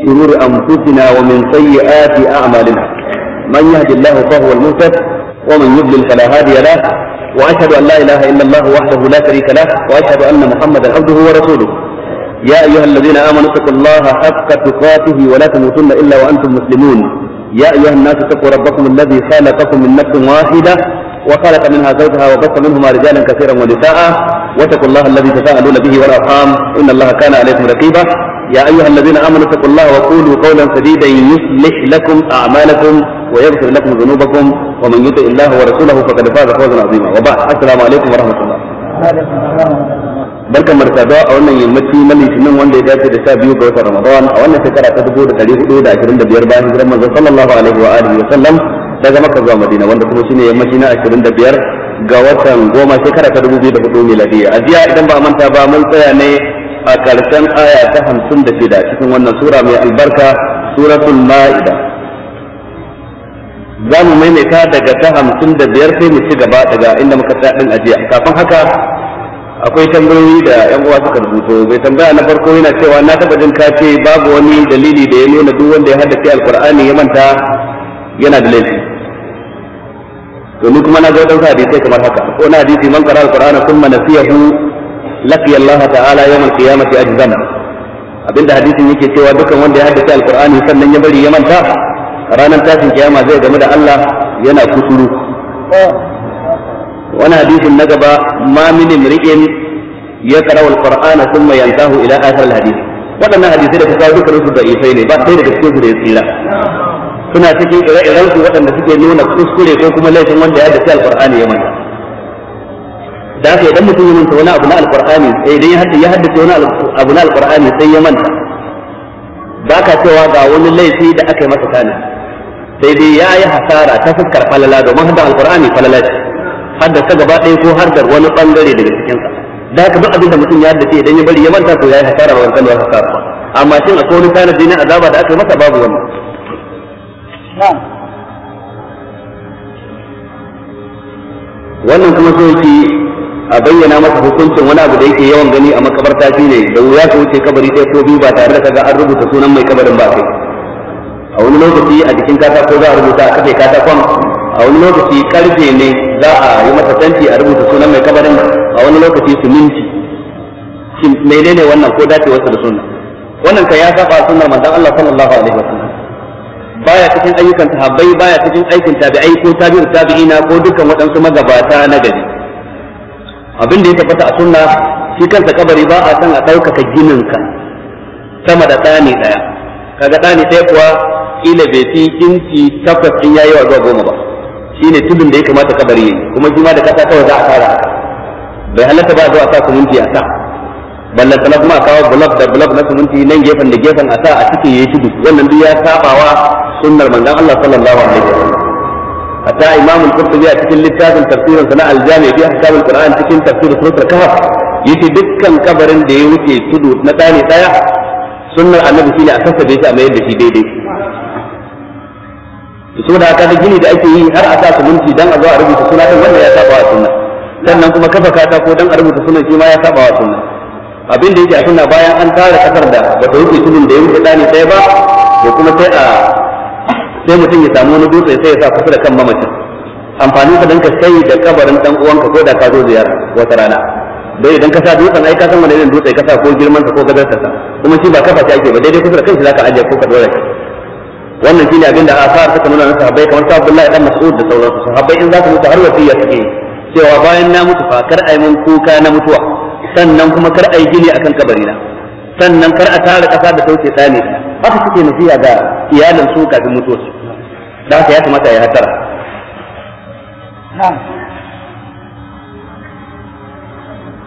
شرور أنفسنا ومن سيئات أعمالنا من يهد الله فهو المهتد ومن يضلل فلا هادي له وأشهد أن لا إله إلا الله وحده لا شريك له وأشهد أن محمدا عبده ورسوله يا أيها الذين آمنوا اتقوا الله حق تقاته ولا تموتن إلا وأنتم مسلمون يا أيها الناس اتقوا ربكم الذي خلقكم من نفس واحدة وخلق منها زوجها وبث منهما رجالا كثيرا ونساء واتقوا الله الذي تساءلون به والارحام ان الله كان عليكم رقيبا يا ايها الذين امنوا اتقوا الله وقولوا قولا سديدا يصلح لكم اعمالكم ويغفر لكم ذنوبكم ومن يطع الله ورسوله فقد فاز فوزا عظيما وبعد السلام عليكم ورحمه الله barkan mu a wannan yammaci na litinin wanda ya dace da sha biyu ga watan ramadan a wannan shekara ta dubu da ɗari hudu da ashirin da biyar bayan manzon sallallahu alaihi wa alihi wa sallam daga maka zuwa madina wanda kuma shine mashi na 25 ga watan goma shekara ta 2004 miladiya a jiya idan ba manta ba mun tsaya ne a karshen aya ta da shida cikin wannan sura mai albarka suratul ma'ida za mu maimaita daga ta da biyar sai mu ci gaba daga inda muka tsaya din a jiya kafin haka akwai tambayoyi da yan uwa suka rubuto bai tambaya na farko yana cewa na taba jin ce babu wani dalili da ya nuna duk wanda ya haddace alqur'ani ya manta yana da laifi to ni kuma na ga wadansu hadisai kamar haka ko na hadisi man qara alqur'ana thumma nasiyahu laqiya Allah ta'ala yawm alqiyamati ajzana abinda hadisin yake cewa dukan wanda ya haddace alqur'ani sannan ya bari ya manta ranar tashin kiyama zai game da Allah yana kusuru wani hadisin na gaba ma min imri'in ya qara alqur'ana thumma yantahu ila akhir alhadith wadannan hadisi da kusa duka su da ifai ne ba sai da cikin su da tsira suna cikin ire-iren su waɗanda suke nuna kuskure ko kuma laifin wanda ya dace alqur'ani ya manta da haka idan mutum ya manta wani abu na alqur'ani sai eh, idan ya haddace wani abu na alqur'ani sai ya manta ba ka cewa ga wani laifi da aka yi masa kana sai dai ya yi hasara ta fuskar falala domin hadda alqur'ani falala ce hadda ta gaba ɗaya ko hardar wani bangare daga cikinsa da haka duk abin da mutum ya haddace idan ya bari ya manta to ya yi hasara ba wani kalmar hasara amma shin akwai wani tanadi na azaba da aka yi masa babu wannan na'am wannan kuma sai yake a bayyana masa hukuncin wani abu da yake yawan gani a makabarta ne da wuya ka wuce kabari sai ko biyu ba tare da kaga an rubuta sunan mai kabarin ba kai a wani lokaci a jikin katako za a rubuta a kafe katakon a wani lokaci karfe ne za a yi masa tanti a rubuta sunan mai kabarin a wani lokaci siminti menene wannan ko dacewarsa da suna wannan ka ya saba sunan manzon Allah sallallahu alaihi wasallam baya cikin ayyukan sahabbai baya cikin aikin tabi'ai ko tabi'u tabi'ina ko dukkan waɗansu magabata na gari abin da ya tabbata a sunna shi kansa kabari ba a san a ɗaukaka ginin ka sama da ɗani ɗaya kaga ɗani ɗaya kuwa kila bai fi inci takwas in yayi wa zuwa goma ba shine tudun da ya kamata kabari kuma shi da kasa kawai za a fara bai halatta ba zuwa sa minti a sa ballan sana kuma kawo block da block na suminti nan gefen da gefen a sa a cike yayi tudu wannan duk ya sabawa sunnar manzon Allah sallallahu alaihi wasallam hatta imam al-qurtubi a cikin littafin tafsirin sa na al-jami fi ahkam al-quran cikin tafsir surah kahf yace dukkan kabarin da ya wuce tudu na dani daya sunnar annabi shine a kasabe shi a mayar da shi daidai so da aka da gini da ake yi har a sa suminti dan a zo a rubuta suna din wanda ya sabawa wa sunna sannan kuma kafa katako dan a rubuta sunan shi ma ya sabawa wa sunna abin da yake a suna bayan an tara kasar da ba ta wuce tudun da ya wuce dani ɗaya ba ko kuma sai a sai mutum ya samu wani dutse sai ya sa kusa da kan mamacin amfanin ka danka sai da kabarin dan uwanka ko da ka zo ziyara wata rana dai idan ka sa dutsen ai ka san wani irin dutse ka sa ko girman sa ko gadar sa kuma shi ba kafa ta ake ba daidai kusa da kanshi zaka ajiye ko ka dora shi wannan shine abin da asar suka nuna na sahabbai kamar sa Abdullahi dan Mas'ud da sauransu sahabbai in za su mutu har wasiyya suke cewa bayan na mutu fa kar ai mun kuka na mutuwa sannan kuma kar a yi gini kabari kabarina sannan kar a tara kasa da sauke tsani haka suke nasiha ga iyalin su kafin su, da haka ya kamata ya hatara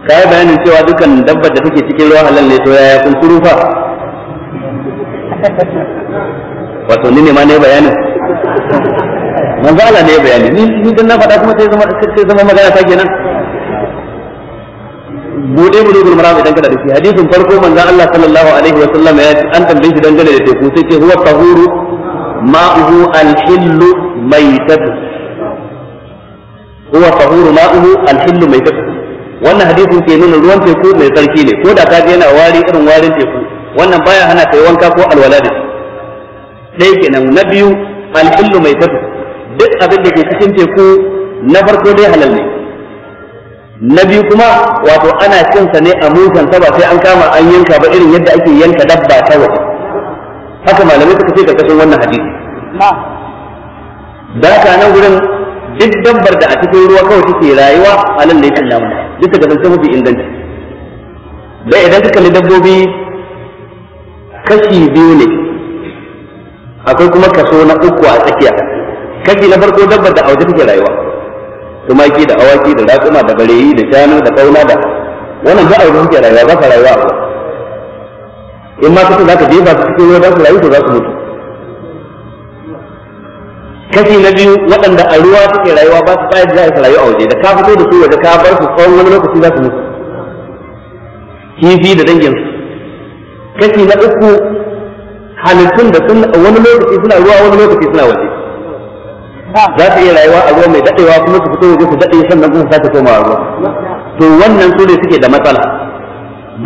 ka yi bayanin cewa dukan dabbar da take cikin ruwa halal ne to yaya kunkuru fa wato ni ne ma ne bayanin Manzala ne bayanin? ni dan na faɗa kuma sai zama zama magana ta kenan bude bulugul maram idan kada da hadisin farko manzo Allah sallallahu alaihi wa sallam ya an tambaye shi dangane da teku sai ce huwa tahuru ma'uhu al-hill maitat huwa tahuru ma'uhu al-hill maitat wannan hadisin ke nuna ruwan teku mai tsarki ne ko da ka ga yana wari irin warin teku wannan baya hana kai wanka ko alwala da dai kenan na biyu al-hill maitat duk abin da ke cikin teku na farko dai halal ne na biyu kuma wato ana cin sa ne a mutan ba sai an kama an yanka ba irin yadda ake yanka dabba ta waje haka malamai suka ce karkashin wannan hadisi da ka nan gurin duk dabbar da a cikin ruwa kawai take rayuwa a nan ne kan namu duk da kasance mafi inganci da idan ka kalli dabbobi kashi biyu ne akwai kuma kaso na uku a tsakiya kashi na farko dabbar da a waje take rayuwa tumaki da awaki da ratsuma da bareyi da shanu da kauna da wannan ba a yi suke rayuwa ba su rayuwa a in ma za ka jefa su cikin ruwa za su rayu to za su mutu kashi na biyu waɗanda a ruwa suke rayuwa ba su bayar da za su rayu a waje da ka fito da su waje ka bar su tsawon wani lokaci za su mutu kifi da danginsu kashi na uku halittun da wani lokaci suna ruwa wani lokaci suna waje za su iya rayuwa a ruwa mai dadewa kuma su fito waje su dade sannan kuma su sake a ruwa to wannan su ne suke da matsala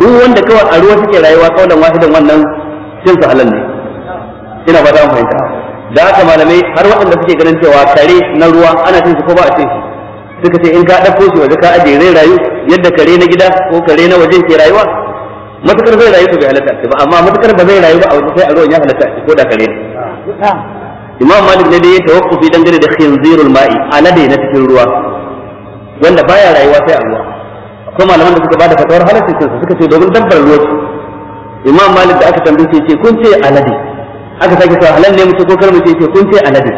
duk wanda kawai a ruwa suke rayuwa kaulan wahidan wannan cin su halal ne ina ba za mu fahimta da haka malamai har waɗanda suke ganin cewa kare na ruwa ana cin su ko ba a cin su suka ce in ka ɗauko shi waje ka ajiye zai rayu yadda kare na gida ko kare na wajen ke rayuwa matukar zai rayu to bai halatta ba amma matukar ba zai rayu ba a waje sai a ruwan ya halatta ko da kare ne imam malik ne dai ya tawaffufi dangane da khinzirul ma'i alade na cikin ruwa wanda baya rayuwa sai a ruwa akwai malaman da suka bada fatawar halaccin su suka ce domin dabbar ruwa ce imam malik da aka tambaye ce kun ce alade aka sake cewa halal ne mutu ko kar mutu ce kun ce alade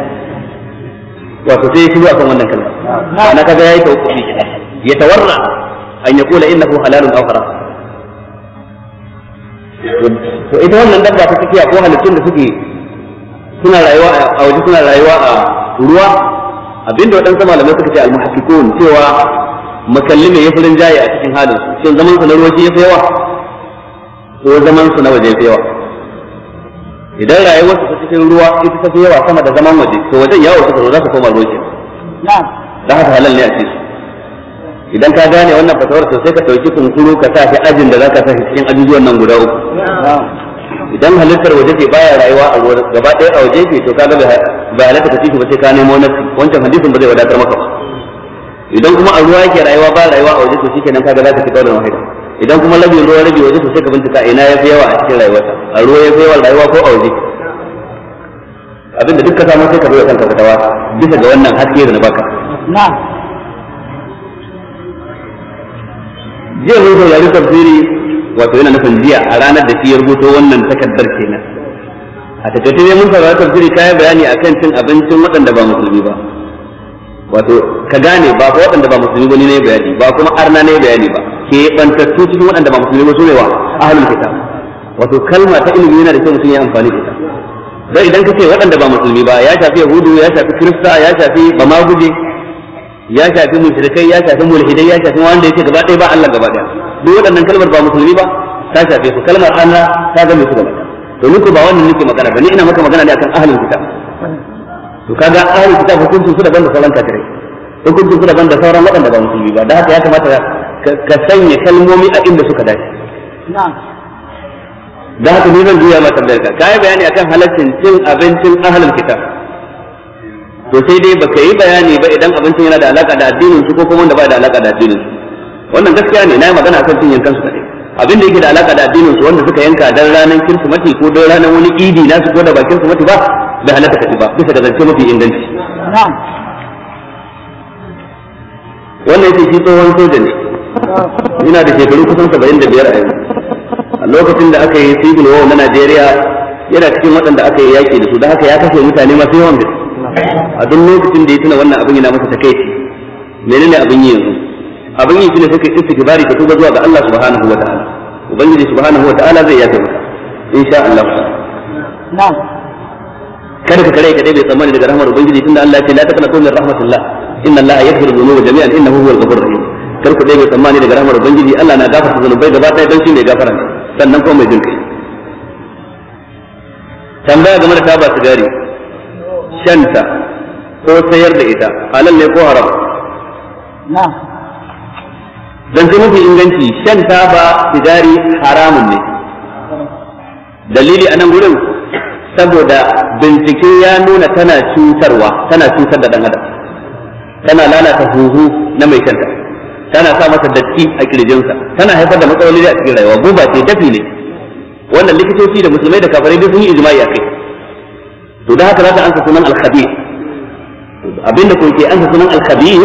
wato sai ya shigo akan wannan kalma ana kaga yayi tawaffufi ya tawarra an kula innahu halalun aw haram to ita wannan dabba ta a ko halittun da suke suna rayuwa a waje suna rayuwa a ruwa abinda waɗansu malamai suka ce almuhakkikun cewa makalli ya yafi rinjaye a cikin halin su zaman su na ruwa shi yafi yawa ko zaman su na waje yafi yawa idan rayuwar su cikin ruwa ita fi yawa sama da zaman waje to wajen yawo suka zo za su koma ruwa ke da haka halal ne a cikin idan ka gane wannan fasawar to sai ka ɗauki kunkuru ka sa shi ajin da za ka sa shi cikin ajujuwan nan guda uku idan halittar waje ce baya rayuwa a ruwa gaba ɗaya a waje ce to ka ga ba halatta ta ciki ba sai ka nemo nasi wancan hadisin ba zai wadatar maka ba idan kuma a ruwa yake rayuwa ba rayuwa a waje to shikenan ga za ka fita da wahida idan kuma rabi ruwa rabi waje to sai ka bincika ina ya fi yawa a cikin rayuwarsa a ruwa ya fi yawa rayuwa ko a waje abinda duk ka samu sai ka zo kanka tawa bisa ga wannan haske da na baka na'am jiya mun saurari tafsiri wato yana nufin jiya a ranar da shi ya rubuto wannan takardar kenan a takaice ne mun saurara tafsiri yi bayani akan cin abincin waɗanda ba musulmi ba wato ka gane ba ko waɗanda ba musulmi ba ne bayani ba kuma arna ne bayani ba ke bantattu cikin waɗanda ba musulmi ba ne wa ahlul kitab wato kalma ta ilimi yana da kyau mutum ya amfani da ita dan idan ka ce waɗanda ba musulmi ba ya shafi yahudu ya shafi kirista ya shafi bamaguje ya shafi mushrikai ya shafi mulhidai ya shafi wanda yake gaba ɗaya ba Allah gaba ɗaya duk waɗannan kalmar ba musulmi ba ta shafe su kalmar Allah ta zama su gaba to ni ko ba wannan nake magana ba ni ina maka magana ne akan ahlul kitab to kaga ahlul kitab hukuncin su daban da sauran kafirai hukuncin su daban da sauran waɗanda ba musulmi ba da haka ya kamata ka sanya kalmomi a inda suka dace da haka ni zan duya ma tambayar ka kai bayani akan halaccin cin abincin ahlul kitab to sai dai baka yi bayani ba idan abincin yana da alaka da addinin su ko kuma wanda ba da alaka da addinin su wannan gaskiya ne na yi magana akan cin yankan su kadai abin da yake da alaka da addinin su wanda suka yanka dan ranar kirsimati ko dan ranar wani idi nasu ko da ba kirsimati ba bai halatta kaci ba bisa ga zance mafi inganci wannan yake shi tsohon soja ne yana da shekaru kusan saba'in da biyar a yanzu a lokacin da aka yi civil war na Najeriya yana cikin waɗanda aka yi yaƙi da su da haka ya kashe mutane masu yawan gaske a duk lokacin da ya tuna wannan abin yana masa takeici menene abin yi yanzu abin yi shine sai istighfari ka tuba zuwa ga Allah subhanahu wa ta'ala ubangiji subhanahu wa ta'ala zai yafe maka insha Allah na'am kada ka kare ka dai bai tsammani daga rahmar ubangiji tunda Allah ya ce la taqnatu min rahmatillah inna Allah yaghfiru dhunuba jami'an innahu huwal ghafurur rahim kar ku dai bai tsammani daga rahmar ubangiji Allah na gafarta zanubai gaba ɗaya dan shi ne gafara sannan kuma mai jinkai tambaya game da taba sigari shanta ko sayar da ita halal ne ko haram na dan sai mafi inganci shanta ba tijari haramun ne dalili a nan gurin saboda bincike ya nuna tana cutarwa tana cutar da dan adam tana lalata huhu na mai shanta tana sa masa datti a kirjinsa tana haifar da matsaloli a cikin rayuwa guba ce dafi ne wannan likitoci da musulmai da kafirai duk sun yi ijma'i a kai to da haka za ta ansa sunan al-khabir abinda ko ke ansa sunan al-khabir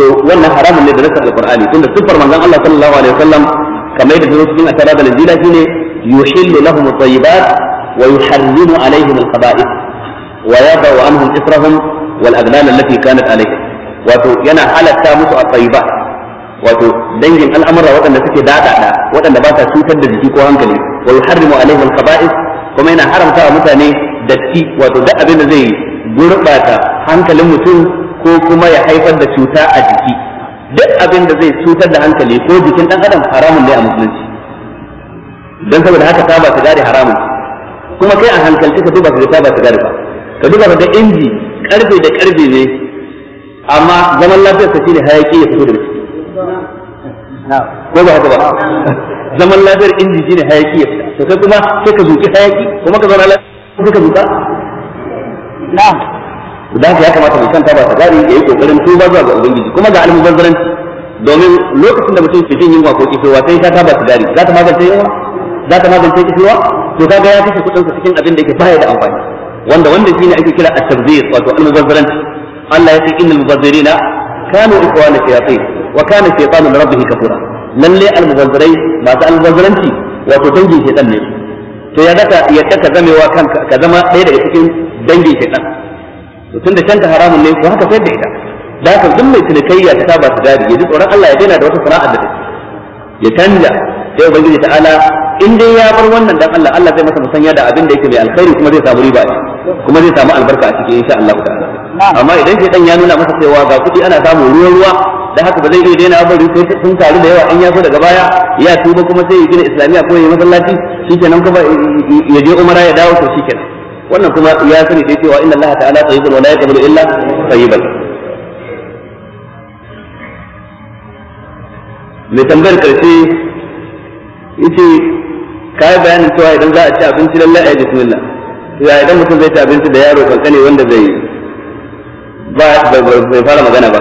to wannan haramun ne da nasar al-qur'ani tunda sifar manzon Allah sallallahu alaihi wasallam kamar yadda zo cikin atara da linjila shine yuhillu lahum at-tayyibat wa yuhallimu alaihim al-khaba'ith wa yadau anhum ithrahum wal aghlal allati kanat alayhi wato yana halatta musu at-tayyibat wato dangin al'amura waɗanda suke daɗaɗa waɗanda ba sa cutar da jiki ko hankali wa yuharrimu alaihim al-khaba'ith kuma yana haramta wa mutane datti wato da abin da zai gurbata hankalin mutum ko kuma ya haifar da cuta a jiki duk abin da zai cutar da hankali ko jikin dan adam haramun ne a musulunci dan saboda haka ta ba sigari haramun kuma kai a hankalci ka duba ka ta ba sigari ba ka duba ka ga inji karfe da karfe ne amma zaman lafiyar ka shine hayaki ya fito da ciki ko ba haka ba zaman lafiyar inji shine hayaki ya fita to kai kuma sai ka zuki hayaki kuma ka zauna lafiya suka duka na'am da haka ya kamata mai kanta ba ta gari yayi kokarin tuba zuwa ga ubangiji kuma ga almubazzaranci domin lokacin da mutum ke jin yunwa ko kifewa sai ta ba ta gari za ta magance yunwa za ta magance kifewa to kaga ya kashe kudin cikin abin da yake baya da amfani wanda wanda shine ake kira at-tabzir wato almubazzaranci Allah ya ce innal mubazzirina kanu ikwana shayatin wa kana shaytanu li rabbih kafura lalle almubazzirai masu almubazzaranci wato dangin shaytan ne to ya zaka yadda ka zamewa kanka ka zama ɗaya daga cikin dangin shaitan to tunda kanta haramun ne ko haka sai da ita da haka duk mai cinikayya ta ba su gari ya ji tsoron Allah ya daina da wata sana'a da ya canja sai ubangiji ta'ala in dai ya bar wannan dan Allah Allah zai masa musanya da abin da yake mai alkhairi kuma zai samu riba kuma zai samu albarka a cikin insha Allah ta'ala amma idan sai dan ya nuna masa cewa ga kuɗi ana samu ruwa ruwa da haka ba zai iya daina bari sai sun taru da yawa in ya daga baya ya tuba kuma sai ya gina islamiya ko ya yi masallaci shikenan kuma ya je umara ya dawo to shikenan wannan kuma ya sani dai cewa inna Allah ta'ala tayyibul wa la yaqbalu illa tayyibal mai tambayar karshe ce. kai bayanin cewa idan za a ci abinci lallai a yi bismillah ya idan mutum zai ci abinci da yaro kankane wanda zai ba bai fara magana ba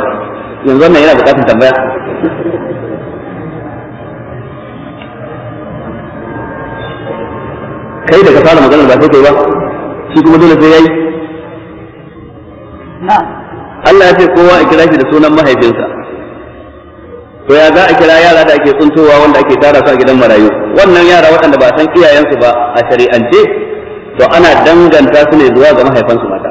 yanzu wannan yana bukatun tambaya kai da ka fara magana ba sai kai ba shi kuma dole sai yayi Allah ya ce kowa a kira shi da sunan mahaifinsa to ya za a kira yara da ake tsuntowa wanda ake tara su a gidan marayu wannan yara waɗanda ba san iyayensu ba a shari'ance to ana danganta su ne zuwa ga mahaifansu mata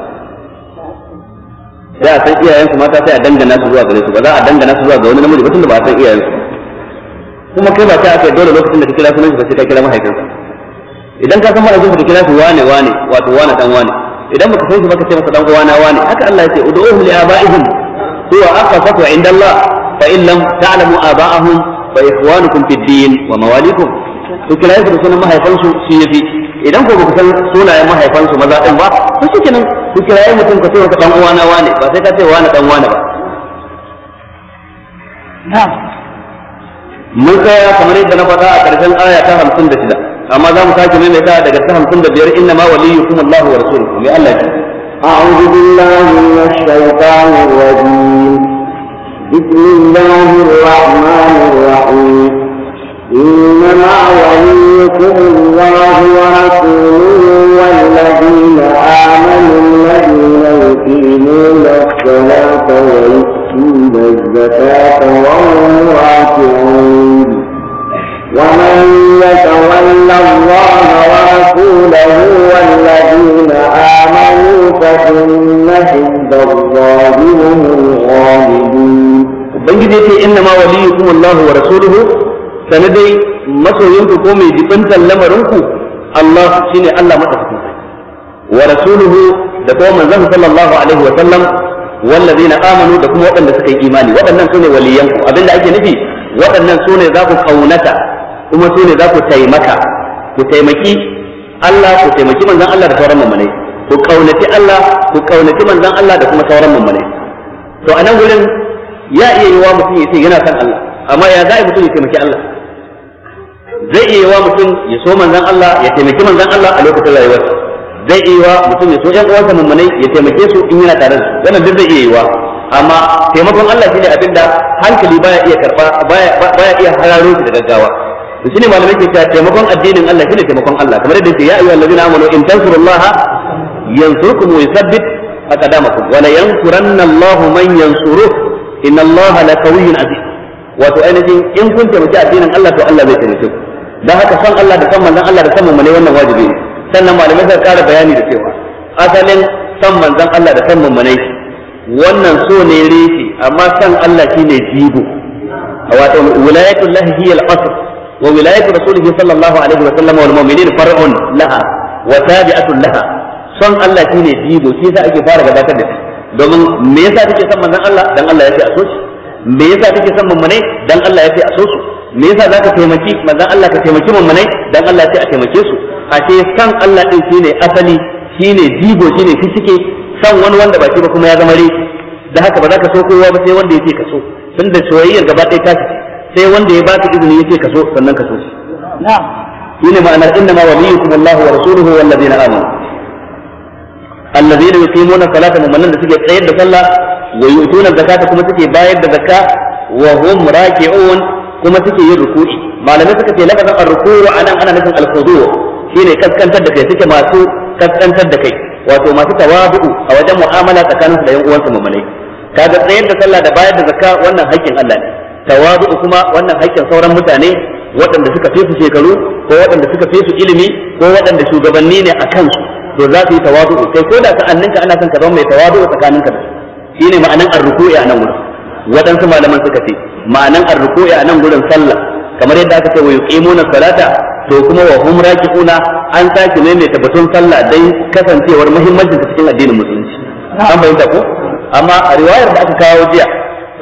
sai a san iyayensu mata sai a dangana su zuwa gare su ba za a dangana su zuwa ga wani namiji ba tunda ba a san iyayensu kuma kai ba ta aka dole lokacin da ka kira sunan shi sai ka kira mahaifinsa idan ka san mahaifin ka kira shi wane wane wato wane dan wane idan baka san shi ka ce masa dan uwana wane haka Allah ya ce ud'uhum li abaihim huwa aqsatu inda Allah fa in lam ta'lamu aba'ahum fa ikhwanukum fid din wa mawalikum su kiraye su da sunan mahaifansu yi fi idan ko baka san sunayen mahaifansu maza din ba to shi kenan kiraye mutum ka ce wa dan uwana wane ba sai ka ce wani dan wane ba na'am mun tsaya kamar yadda na faɗa a ƙarshen aya ta 56 amma za mu sake mai da daga ta hamsin da biyar inna ma waliyukum Allahu wa rasuluhu mai Allah ce أعوذ بالله من الشيطان الرجيم بسم الله الرحمن الرحيم إنما وليكم الله ورسوله والذين آمنوا الذين يقيمون الصلاة ويؤتون الزكاة وهم راكعون ومن يتول الله ورسوله والذين آمنوا فإن حزب الله هم الغالبون. بنجد إنما وليكم الله ورسوله sani dai masoyinku ko mai jibantar lamarinku Allah shi ne Allah madaukakin sarki wa rasuluhu da kuma manzon sallallahu alaihi wa sallam wallazina amanu da kuma waɗanda suka yi imani waɗannan sune waliyanku abinda ake nufi waɗannan sune za ku kaunata kuma sune za ku taimaka ku taimaki Allah ku taimaki manzon Allah da sauran mummunai ku kaunaci Allah ku kaunaci manzon Allah da kuma sauran mummunai to a nan gurin ya iya yi wa mutum ya ce yana son Allah amma ya za'i mutum ya taimaki Allah zai iya wa mutum ya so manzan Allah ya taimaki manzan Allah a lokacin rayuwar zai iya wa mutum ya so ɗan uwansa mummunai ya taimake su in yana tare da wannan duk zai iya yi wa amma taimakon Allah shine abin da hankali baya iya karba baya baya iya hararo da gaggawa shi ne malamai ke cewa taimakon addinin Allah shine taimakon Allah kamar yadda ya ayyuhal ladina amanu in tansurullaha yansurkum wa yuthabbit aqdamakum wa la yansuranna Allahu man yansuruh inna Allaha laqawiyyun aziz wato ainihin in kun taimaki addinin Allah to Allah zai taimake ku dan haka san Allah da san manzon Allah da san mummune wannan wajibi sannan malamai suka kara bayani da cewa asalin san manzon Allah da san mummune wannan so ne reshi amma san Allah shine jibo wato wilayatullahi hiya al-asr wa wilayatu rasulihi sallallahu alaihi wa sallam wal mu'minin far'un laha wa tabi'atun laha san Allah shine jibo shi yasa ake fara gabatar da shi domin me yasa kake son manzon Allah dan Allah ya ce a so shi me yasa kake son mummune dan Allah ya ce a so me yasa zaka taimaki manzon Allah ka taimaki mummunai dan Allah sai a taimake su ashe san Allah din shine asali shine jibo shine fisike san wani wanda ba shi ba kuma ya zama rai da haka ba za ka so kowa ba sai wanda yake ka so tunda soyayyar gaba ɗaya ta sai wanda ya baka izini yake ka so sannan ka so shi na'am shine ma'anar ma waliyukum Allahu wa rasuluhu wal ladina amanu alladheena yuqimuna salata mu'minan da suke tsayar da sallah wa yu'tuna zakata kuma suke bayar da zakka wa hum raki'un kuma suke yin ruku'i malamai suka ce lafazin ar a anan ana nufin al-khudu shine kaskantar da kai suke masu kaskantar da kai wato masu tawadu'u a wajen mu'amala tsakaninsu da yan uwansu mu'minai kaga tsayar da sallah da bayar da zakka wannan haƙƙin Allah ne tawadu'u kuma wannan haƙƙin sauran mutane waɗanda suka fi su shekaru ko waɗanda suka fi su ilimi ko waɗanda shugabanni ne a kansu to za su yi tawadu'u kai ko da ka ana son ka zama mai tawadu'u tsakaninka da su shine ma'anan ar-ruku'i nan wurin waɗansu malaman suka ce ma'anan arruku'i a nan gurin sallah kamar yadda aka ce wa yuqimuna salata to kuma wa hum raqiquna an sake ne mai tabbatun sallah dai kasancewar muhimmancin ta cikin addinin musulunci an bayyana ko amma a riwayar da aka kawo jiya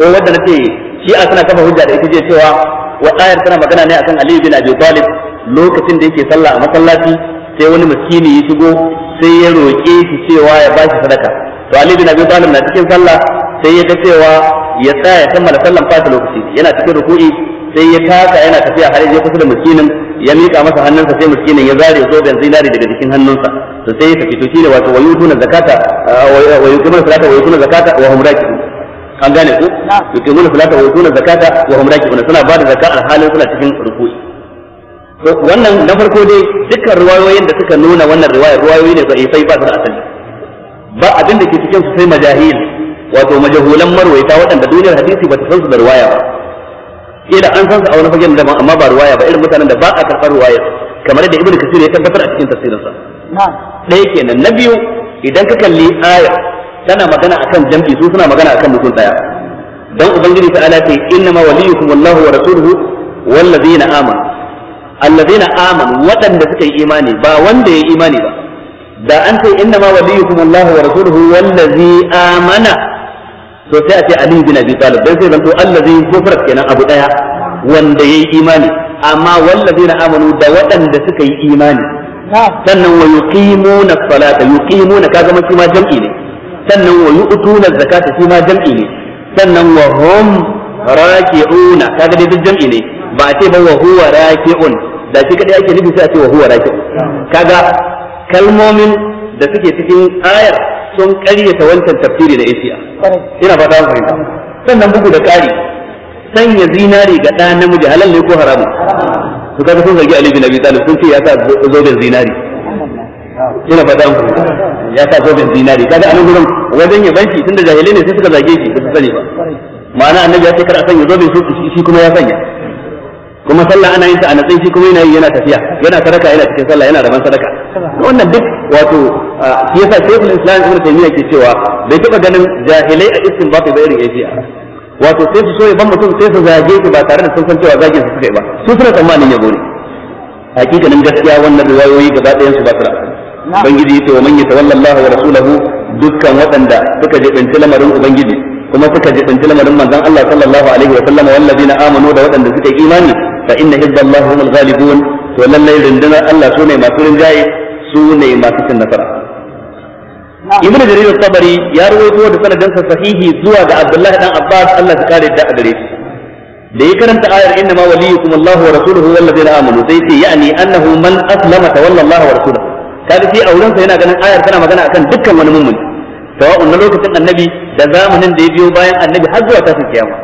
ko wadda nake shi a suna kafa hujja da ita je cewa wa ayar tana magana ne akan Ali bin Abi Talib lokacin da yake sallah a masallaci sai wani miskini ya shigo sai ya roke shi cewa ya bashi sadaka to Ali bin Abi Talib na cikin sallah sai ya ga cewa ya tsaya ya kammala sallan fata lokaci yana cikin ruku'i sai ya taka yana tafiya har ya kusa da miskinin ya mika masa hannunsa sai miskinin ya zare zai zinari daga jikin hannunsa to sai ya tafi to shine wato wa tuna zakata uh, wayu yuqimuna salata wayu tuna zakata wa hum raki an gane ku yuqimuna salata wayu tuna zakata wa hum raki suna ba da zakata halin suna cikin ruku'i wannan na farko dai dukkan riwayoyin da suka nuna wannan riwaya riwayoyi ne sai ba su da asali ba abin da ke cikin su sai majahil wato majahulan marwaita waɗanda duniyar hadisi ba ta san su da ruwaya ba kila an san su a wani fagen da amma ba ruwaya ba irin mutanen da ba a karɓar ruwaya kamar da ibnu kasir ya tabbatar a cikin tafsirinsa ɗaya kenan na biyu idan ka kalli aya tana magana akan jam'i su suna magana akan mutum daya dan ubangiji ta ala ce inna ma waliyukum wallahu wa rasuluhu wallazina ladina amanu alladina amanu waɗanda suka yi imani ba wanda ya yi imani ba da an ce inna ma waliyukum wallahu wa rasuluhu wal ladzi amana to sai a ce Ali bin Abi Talib dan sai zanto allazi mufrad kenan abu daya wanda yayi imani amma wallazina amanu da waɗanda suka yi imani sannan wa yuqimuna salata yuqimuna kaga ma shi ma jam'i ne sannan wa yu'tuna zakata shi ma jam'i ne sannan wa hum raki'una kaga dai duk jam'i ne ba a ce ba wa huwa raki'un da shi kadai ake nufi sai a ce wa huwa raki'un kaga kalmomin da suke cikin ayar sun ƙaryata wancan tafsiri da isiya ina ba mu fahimta sannan bugu da ƙari sanya zinari ga ɗan namiji halal ne ko haramun su kaga sun zargi Ali bin Abi Talib sun ce ya sa zoben zinari ina fata mu ya sa zoben zinari kaga anan gurin wajen ya banki tunda jahilai ne sai suka zage shi ba su sani ba ma'ana annabi ya ce kar a sanya zoben shi kuma ya sanya kuma sallah ana yin ta a natsayi shi kuma yana yi yana tafiya yana sadaka yana cikin sallah yana raban sadaka wannan duk wato shi yasa shaykhul islam ibnu taymiya ke cewa bai taba ganin jahilai a istinbat ba irin yafiya wato sai su so ban mutum sai su zage shi ba tare da sun san cewa zagin su suka yi ba su suna tsammanin yabo ne hakikanin gaskiya wannan riwayoyi gaba ɗayan su ba su ubangiji yace wa man yatawalla Allah wa rasulahu dukkan waɗanda suka jibinci lamarin ubangiji kuma suka jibinci lamarin manzon Allah sallallahu alaihi wa sallam wallazina amanu da waɗanda suka imani fa inna hizballahi humul ghalibun to lallai rundunar Allah su ne masu rinjaye su masu cin nasara ibn jarir al-tabari ya rawaito da sanadin sa sahihi zuwa ga abdullahi dan abbas Allah ya kare da gare shi da ya karanta ayar inna ma waliyukum Allah wa rasuluhu wal ladina amanu sai ce yani annahu man aslama tawalla Allah wa rasuluhu kaga sai auren sa yana ganin ayar tana magana akan dukkan wani mummuni sawa'un na lokacin annabi da zamanin da ya biyo bayan annabi har zuwa tashin kiyama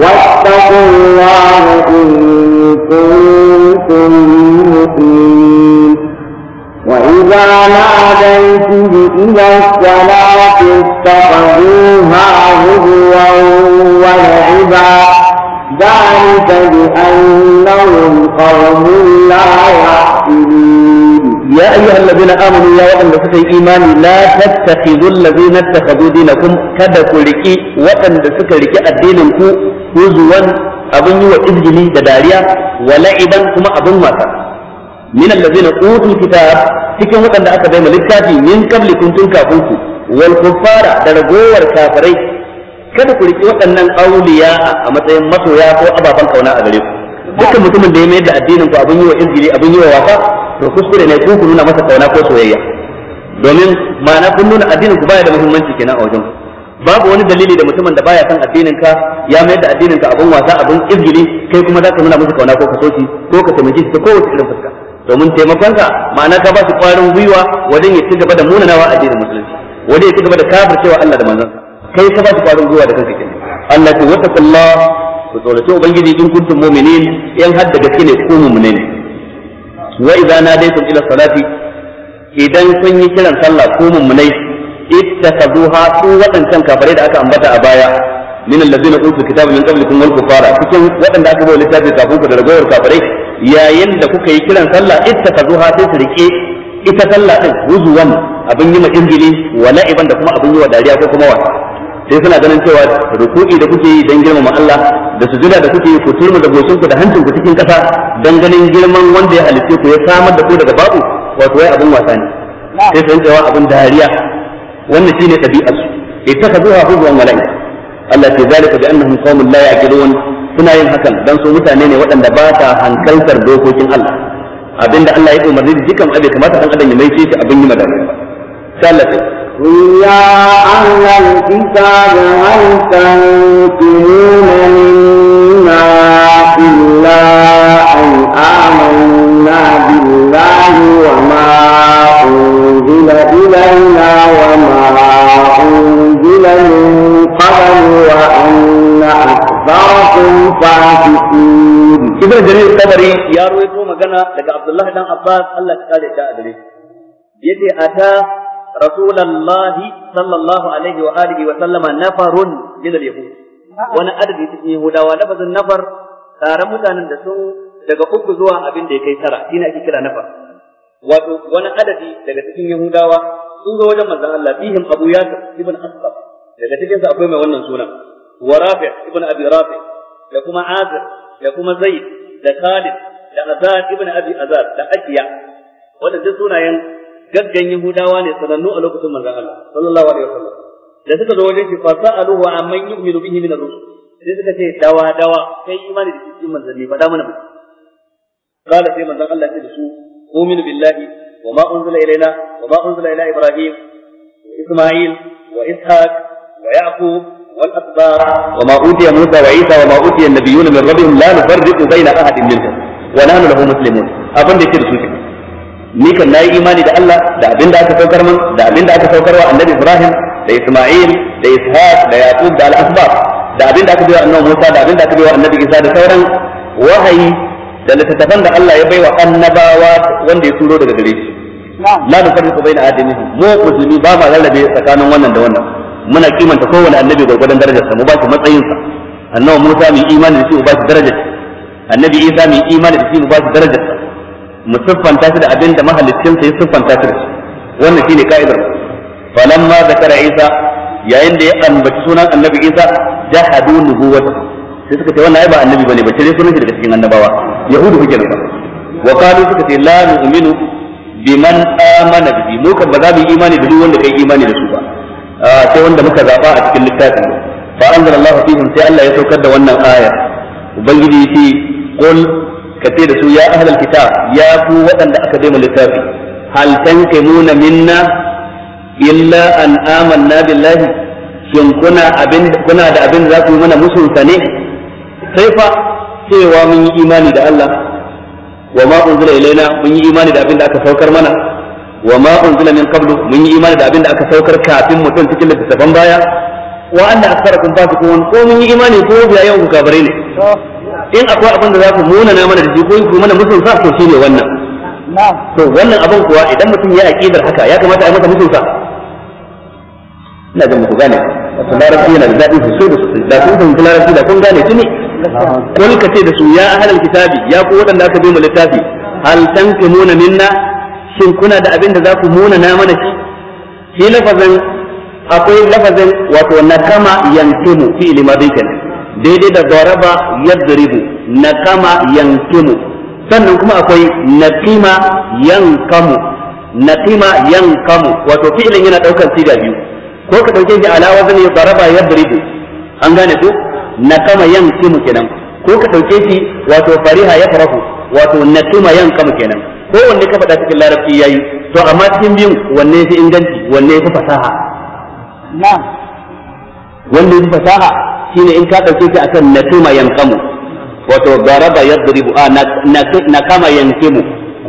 واتقوا الله إن كنتم مؤمنين وإذا ناديته إلى الصلاة اتخذوها هزوا ولعبا ذلك بأنهم قوم لا يعقلون ya ayyuhal ladina amanu ya wa'anda suka yi imani la tattakhidul ladina ittakhadhu kada ku riki waɗanda suka riki addinin ku huzuwan abin yi da dariya wa la'iban kuma abin wasa min allazina utul kitab cikin waɗanda aka bai littafi min qablikum tun kafin ku wal kuffara da ragowar kafirai kada ku riki waɗannan auliya a matsayin masoya ko ababen kauna a gare ku dukkan mutumin da ya mayar da addinin ku abin yi wa wasa to kuskure ne ku nuna masa kauna ko soyayya domin ma'ana kun nuna addinin ku baya da muhimmanci kenan a wajen babu wani dalili da mutumin da baya san addinin ka ya mayar da addinin ka abun wasa abun izgili kai kuma zaka nuna masa kauna ko ka soki ko ka taimake shi ta kowace irin fuska domin taimakon ka ma'ana ka ba shi kwarin gwiwa wajen ya ci gaba da munanawa addinin musulunci wajen ya ci gaba da kafircewa Allah da manzon kai ka ba shi kwarin gwiwa da kanka kenan Allah ce Sallah ku tsorace ubangiji in kuntum mu'minin in hadda gaske ne ku mu'minin wa idza nadaytum ila salati idan sun yi kiran sallah ko mummunai ittakhaduha su wadancan kafare da aka ambata a baya min allazina utul kitaba min qablikum wal kufara cikin wadanda aka bawa littafi kafin ku da ragowar kafare? yayin da kuka yi kiran sallah ittakhaduha sai su rike ita sallah din huzuwan abin yi ma injili wa la'iban da kuma abin yi wa dariya ko kuma wa. sai suna ganin cewa ruku'i da kuke yi dan girmama Allah da sujuda da kuke yi ku turmu da goshin da hancin ku cikin kasa don ganin girman wanda ya halitte ku ya samar da ku daga babu wato wai abin wasa ne sai san cewa abin dariya wannan shine tabi'ar su ittakhazuha huzwan wa la'ib Allah ke zalika bi annahum qaumun la ya'qilun suna yin hakan dan su mutane ne waɗanda ba sa hankaltar dokokin Allah abinda Allah ya umarni da dukan abin kamata dan adam ya mai shi abin yi magana sai قل يا أهل الكتاب هل تنكرون منا إلا أن آمنا بالله وما أنزل إلينا وما أنزل من قبل وأن أكثركم فاسقون. ابن جرير الطبري يا رويكم مجانا لك عبد الله بن عباس الله تعالى جاء إليه. يجي أتاه رسول الله صلى الله عليه وآله وسلم نفر من اليهود wani adadi cikin Yahudawa lafazin nafar taron mutanen da sun daga uku zuwa abin da ya kai tara shine ake kira nafar wato wani adadi daga cikin Yahudawa sun zo wajen manzon Allah fihim Abu Yasir ibn Asbab. daga cikin sa akwai mai wannan sunan wa Rafi' ibn Abi Rafi' da kuma Azir da kuma Zaid da Khalid da Azad ibn Abi Azad da Akiya, wanda duk sunayen gaggan Yahudawa ne sanannu a lokacin manzon Allah sallallahu alaihi wasallam da suka zo wajen shi fa sa'aluhu amman yu'minu bihi min ar-rusul sai suka ce dawa dawa kai imani da cikin manzanni fa da mana ba. qala sai manzon Allah ya ce da su u'minu billahi wa ma unzila ilaina wa ma unzila ila ibrahim wa isma'il wa ishaq wa yaqub wal asbar wa ma utiya musa wa isa wa ma utiya an-nabiyyun min rabbihim la nufarriqu baina ahadin minhum wa nahnu lahu muslimun abin da yake da su ni kan nayi imani da Allah da abinda aka saukar min da abinda aka saukar wa annabi Ibrahim da Isma'il da Ishaq da Yaqub da al-asbab da abinda aka bayar annabi Musa da abinda aka bayar annabi Isa da sauran wahayi da littattafan da Allah ya baiwa annabawa wanda ya turo daga gare shi la nufarriqu baina adamihim mu musulmi ba ma lalabe tsakanin wannan da wannan muna kimanta kowane annabi gwargwadon darajarsa mu ba shi matsayinsa annabi Musa mai imani da shi mu ba shi darajarsa annabi Isa mai imani da shi ba shi darajarsa mu siffanta shi da abin da mahallicin sai ya siffanta shi wannan shine ka'idar falamma zakara isa yayin da ya ambaci sunan annabi isa jahadu nubuwata sai suka ce wannan ai ba annabi bane ba sai sunan shi daga cikin annabawa yahudu kuke ne wa qalu suka ce la nu'minu biman amana bihi mu kan ba za mu yi imani da duk wanda kai imani da su ba ah, sai wanda muka zaba a cikin littafin fa anzalallahu fihim sai Allah ya saukar da wannan aya ubangiji yace qul kace da su ya ahlul kitab ya ku waɗanda aka bai mu littafi hal tankimuna minna illa an amanna billahi shin kuna abin kuna da abin za ku mana musun ne sai fa cewa mun yi imani da Allah wa ma unzila ilaina mun yi imani da abin da aka saukar mana wa ma unzila min qablu mun yi imani da abin da aka saukar kafin mutum cikin littattafan baya wa anna aktharakum fasiqun ko mun yi imani ko biya yau ku kabare ne in akwai abin da za ku muna na mana da jikoki ku mana musun sa to shine wannan to wannan abin kuwa idan mutum ya aqidar haka ya kamata a yi masa musun sa ina da muku gane wato larabci yana da daɗi sosai da su da kun fahimci larabci da kun gane tuni kun ka ce da su ya ahlal kitabi ya ku waɗanda aka bi mu littafi hal muna minna shin kuna da abin da za ku na mana shi shi lafazin akwai lafazin wato nakama yantimu fi ilimadin kenan daidai da daraba yadribu naqama yankimu sannan kuma akwai naqima yankamu naqima yankamu wato fi'ilin yana daukar siga biyu ko ka dauke shi ala wazni daraba yadribu an gane ko naqama yankimu kenan ko ka dauke shi wato fariha ya farahu wato naqima yankamu kenan ko wanne ka faɗa cikin larabci yayi to amma cikin biyun wanne ya fi inganci wanne ya fi fasaha na wanda ya fi fasaha shine in ka dauke shi akan natuma yankamu wato daraba yadribu a nakama yankimu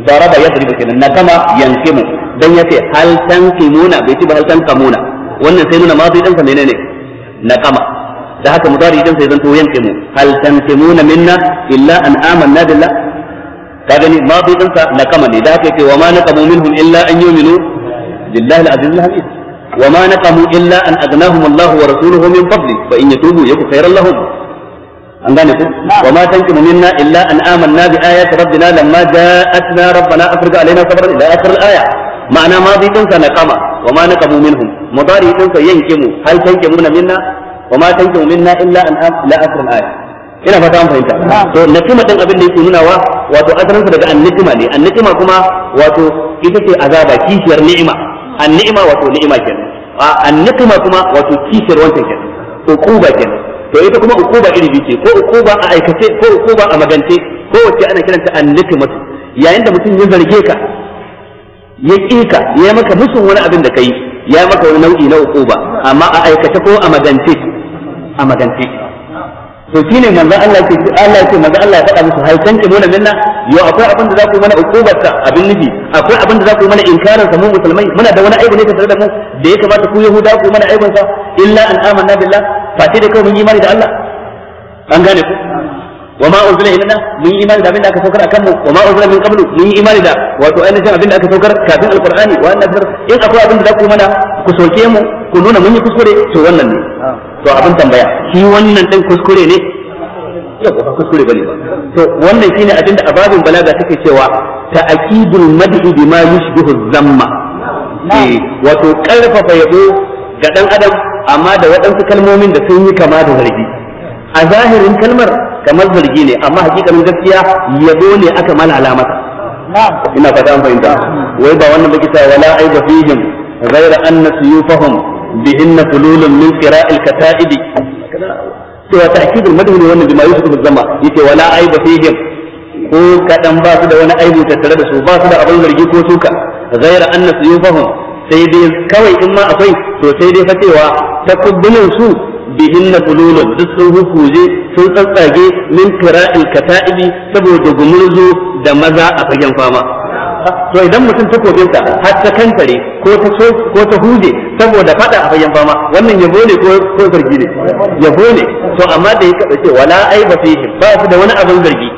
daraba yadribu kenan nakama yankimu dan yace hal tankimuna bai ci ba hal tankamuna wannan sai nuna mazi dan sa menene nakama da haka mudari dan sai zanto yankimu hal tankimuna minna illa an amanna billah ka gani mazi dan sa nakama ne da haka yace wa ma nakamu minhum illa an yu'minu billahi al-aziz al-hamid وما نقموا إلا أن أغناهم الله ورسوله من فضله فإن يتوبوا يكون خيرا لهم نعم. وما تنكم منا إلا أن آمنا بآيات ربنا لما جاءتنا ربنا أفرج علينا صبرا إلى آخر الآية معنى ماضي تنسى نقما وما نقموا منهم مضاري تنسى ينكموا هل تنكمون منا وما تنكم منا إلا أن لا إلى آخر الآية ina fata mun fahimta to nikima din abin da yake nuna wa wato asalin daga annikima ne annikima kuma wato ita ce azaba kishiyar ni'ima an wato ni'ima kenan a niqma kuma wato kishir wancan kenan ukuba kenan to ita kuma ukuba iri biyu ce ko ukuba a aikace ko ukuba a magance ko wacce ana kiranta an-niqma yayin da mutum ya zarge ka ya kika ya maka musun wani abin da kai ya maka wani nau'i na ukuba, amma a aikace ko a magance a magance to shine manzon Allah ke Allah ke manzon Allah ya faɗa musu hal ki mona minna yo akwai abin da za ku mana ukubar ka abin nufi akwai abin da za ku mana inkarin sa mu musulmai muna da wani aibu ne tare da mu da ya kamata ku yahuda ku mana aibun sa illa an amanna billah fa sai da kai mun yi imani da Allah an gane ku wa ma unzila ilaina mun yi imani da abin da aka saukar akan mu wa ma unzila min qablu mun yi imani da wato ainihin abin da aka saukar kafin alqur'ani wa annabi in akwai abin da za ku mana ku soke mu ku nuna mun yi kuskure to wannan ne to abin tambaya shi wannan din kuskure ne ba kuskure bane ba to wannan shine abin da ababin balaga take cewa ta'aqidul mad'i bima yushbihu zamma eh wato karfafa yabo ga dan adam amma da waɗansu kalmomin da sun yi kama da zargi a zahirin kalmar kamar zargi ne amma hakikanin gaskiya yabo ne aka malala mata ina fata an fahimta wai ba wannan baki sa wala aiba fihim ghayra anna suyufahum bihinna fululun min qira'il kata'idi cewa ta'kid al-madhu ne wannan bima yusuf zama yace wala aiba fihim ko kadan ba su da wani aibu tattare da su ba su da abin zargi ko suka ghaira anna suyufahum sai dai kawai in ma akwai to sai dai fa ta takubbulin su bihinna fululun duk sun hukuje sun tsatsage min qira'il kata'ibi saboda gumurzu da maza a fagen fama to idan mutum ta har ta kankare ko ta ko ta huje saboda fada a bayan fama wannan yabo ne ko ko zargi ne yabo ne to amma da yake kace wala ba fihi ba su da wani abin zargi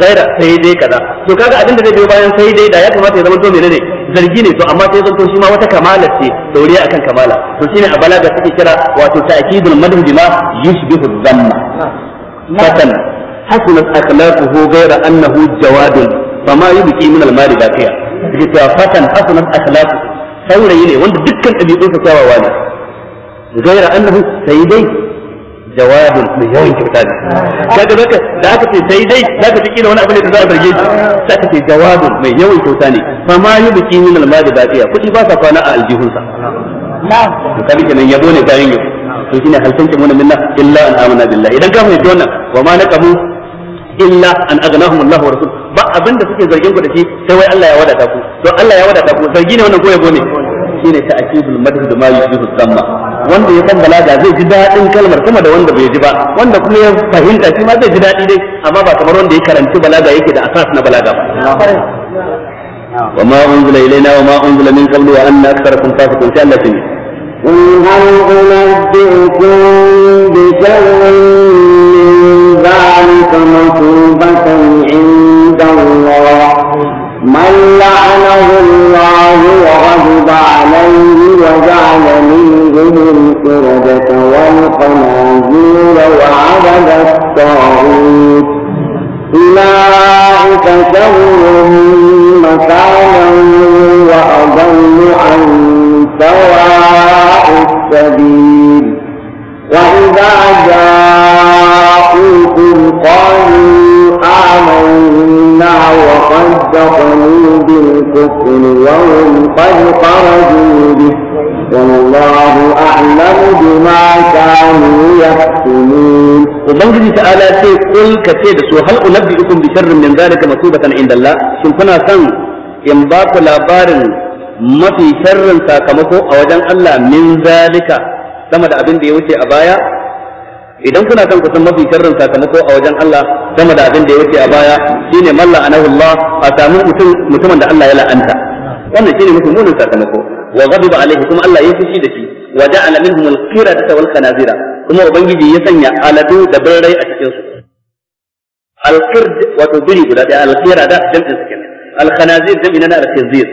gaira sai dai kaza to kaga abin da zai biyo bayan sai dai da ya kamata ya zama to menene zargi ne to amma sai zanto shi ma wata kamala ce dauriya akan kamala to shine a balaga suke kira wato ta'kidul madh bima yushbihu dhamma fatan hasanat akhlaquhu ghaira annahu jawadun فما يبكي من المال باقيا اتفاقا حسنا اخلاق ثوره يلي وند دكن ابي اوسا كوا وانا غير انه سيدي جواب مليون كتاب كذا بك ذاك في سيدي ذاك في كيلو وانا ابني تزار برجيج ذاك في جواب مليون كتاب فما يبكي من المال باقيا كل باسا كوانا الجهوسا لا نعم. كذلك من يبوني كاينيو to shine halkan ke mun minna illa an amana billahi idan ka mai wannan wa ma nakamu illa ba abin da suke zargin ku da shi sai wai Allah ya wadata ku don Allah ya wadata ku zargi ne wannan ko yabo ne shine ta'kidul madh da ma yusifu zamma wanda ya san balaga zai ji daɗin kalmar kuma da wanda bai ji ba wanda kuma ya fahimta shi ma zai ji daɗi dai amma ba kamar wanda ya karanci balaga yake da asas na balaga ba وما أنزل إلينا وما أنزل من قبل وأن أكثركم فاسقون شاء الله قل هل أنبئكم بشر من ذلك مثوبة عند عند الله من لعنه الله وغضب عليه وجعل منهم القردة والخنازير وعبد الطاغوت أولئك شر مكانا وأضل عن سواء السبيل وإذا جاءوكم قالوا آمنا وقد دخلوا بالكفر وهم قد خرجوا به والله أعلم بما كانوا يكتمون وبنجي تعالى قل كثير هل أنبئكم بشر من ذلك مصيبة عند الله شنكنا سن ينباك لابار mafi sharrin شر a wajen Allah الله من ذلك سمد أبن بيوتي أبايا idan kuna son kusan mafi sharrin sakamako a wajen Allah sama da abin da ya wuce a baya shine malla anahu Allah a samu mutum mutumin da Allah ya la'anta wannan shine mafi munin sakamako wa ghadiba alaihi kuma Allah ya fushi da shi wa ja'ala minhum al-qiradata wal khanazira kuma ubangiji ya sanya aladu da birrai a cikin su al-qird wato biri guda da al-qirada jam'in su kenan al-khanazir jam'in na al-khizir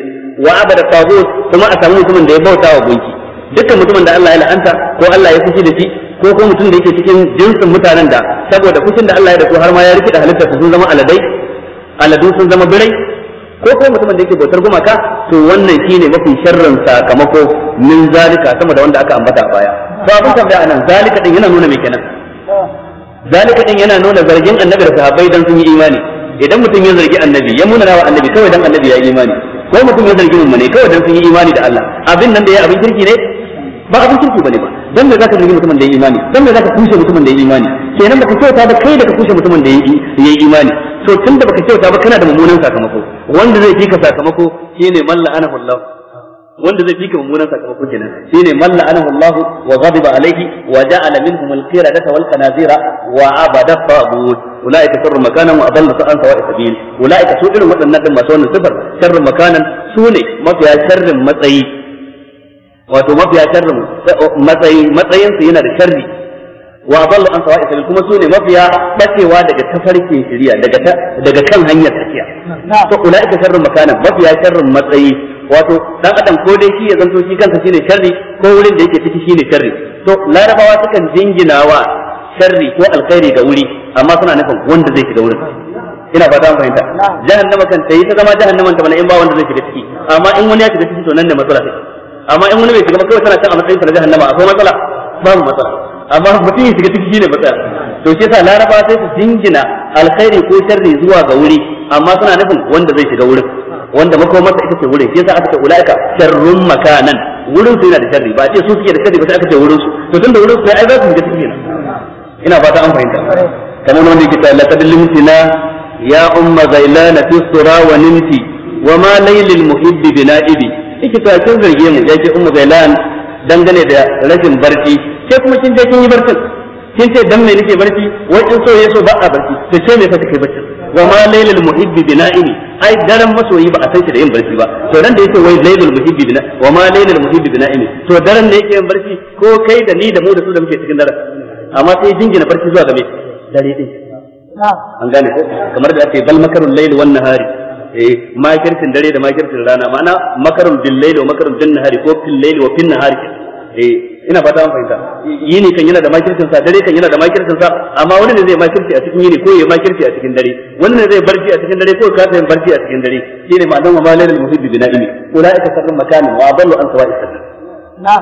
wa abada tagut kuma a samu mutumin da ya bauta wa gunki dukkan mutumin da Allah ya la'anta ko Allah ya fushi da shi ko ko mutum da yake cikin jinsin mutanen da saboda fushin da Allah ya da su har ma ya rike da halitta sun zama aladai aladu sun zama birai ko ko mutum da yake bautar gumaka to wannan shine mafi sharrin sakamako min zalika sama da wanda aka ambata a baya to abin tambaya anan zalika din yana nuna me kenan zalika din yana nuna zargin annabi da sahabbai dan sun yi imani idan mutum ya zargi annabi ya munana wa annabi kawai dan annabi ya yi imani ko mutum ya zargi mun ne kawai dan sun yi imani da Allah abin nan da ya abin kirki ne ba abin kirki bane ba dan me zaka zargi mutumin da yayi imani dan me zaka kushe mutumin da yayi imani kenan baka kyauta ba kai da ka kushe mutumin da yayi imani to tunda baka kyauta ba kana da mummunan sakamako wanda zai fika sakamako shine malla anahu Allah wanda zai fika mummunan sakamako kenan shine malla anahu Allah wa ghadiba alaihi wa ja'ala minhum al-qiradata wal qanazira wa abada tagut ulaika sharru makanan wa adallu an sawa'i sabil ulaika su irin waɗannan din masu wannan sifar sharru makanan su ne mafiya sharrin matsayi wato mafiya sharrin matsayi matsayin su yana da sharri wa ballu an sawa'i sabil kuma ne mafiya bacewa daga tafarkin shari'a daga daga kan hanyar tsakiya to ulaika sharrun makana mafiya sharrin matsayi wato dan adam ko dai shi ya zanto shi kansa shine sharri ko wurin da yake ciki shine sharri to larabawa sukan jinginawa sharri ko alkhairi ga wuri amma suna nufin wanda zai shiga wurin ina ba ta fahimta jahannama kan tayi ta zama jahannaman ta bana in ba wanda zai shiga ciki amma in wani ya shiga ciki to nan ne matsala take amma in wani bai shiga makawai kawai tana can a matsayin na jahannama akwai matsala babu matsala amma mutum ya shiga ciki shine matsala to shi yasa laraba sai su jingina alkhairi ko sharri zuwa ga wuri amma suna nufin wanda zai shiga wurin wanda masa ita ce wurin shi yasa aka ce ulaika sharrun makanan wurin su yana da sharri ba ce su suke da sharri ba sai aka ce wurin su to tun da wurin su ai za su shiga ciki kenan ina fata an fahimta kamar wanda yake ta laqad limtina ya umma zailana fi sura wa ninti wa ma laylil muhibbi binaibi yake ta kin zarge mu ya ce ummu zailan dangane da rashin barci ke kuma kin je kin yi barci kin ce dan me nake barci wai in so yaso ba a barci to ce me fa kake barci wa ma lailal muhibbi bina'ini ai daren masoyi ba a san shi da yin barci ba to dan da yake wai lailal muhibbi bina wa ma lailal muhibbi bina'ini to daren ne yake yin barci ko kai da ni da mu da su da muke cikin daren amma sai jingina barci zuwa ga me dare din an gane ko kamar da ake bal makarul laylu wan nahari eh makircin dare da makirtin rana ma'ana makarun bin layli wa makarun bin nahari ko bin layli wa fin nahari eh ina fata an fahimta yini kan yana da makirtin sa dare kan yana da makirtin sa amma wani ne zai makirci a cikin yini ko ya makirci a cikin dare wani ne zai barci a cikin dare ko ka zai barci a cikin dare shine ma'anar wa malalil muhibbi bi na'imi ulaika sarrun makanin wa adallu an sawa'i sabil na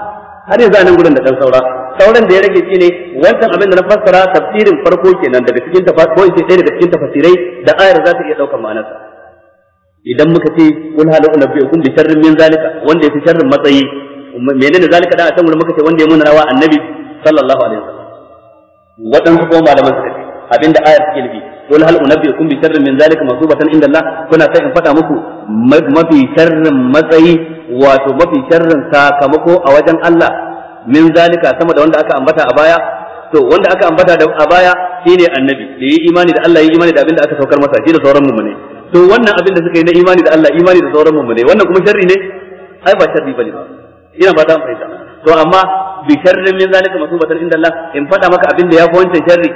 har yanzu anan gurin da dan saura sauran da ya rage shi ne wancan abin da na fassara tafsirin farko kenan daga cikin ko in ce ɗaya daga cikin tafsirai da ayar za ta iya ɗaukar ma'anarsa idan muka ce wani halin kun bi sharrin min zalika wanda ya fi sharrin matsayi menene zalika da a can wurin muka ce wanda ya muna rawa annabi sallallahu alaihi wasallam waɗansu ko malaman suka ce abinda ayar take nufi wani hal unabbiukum bi sharrin min zalika masubatan inda Allah kuna sai in faɗa muku mafi sharrin matsayi wato mafi sharrin sakamako a wajen Allah min zalika sama da wanda aka ambata a baya to wanda aka ambata a baya shine annabi da yi imani da Allah yi imani da abinda aka saukar masa shi sauran mu ne to wannan abin da suka yi na imani da Allah imani da sauran mummune wannan kuma sharri ne ai ba sharri bane ba ina ba dan fahimta to amma bi sharrin min zalika masubatan inda Allah in fada maka abin da ya fi wancan sharri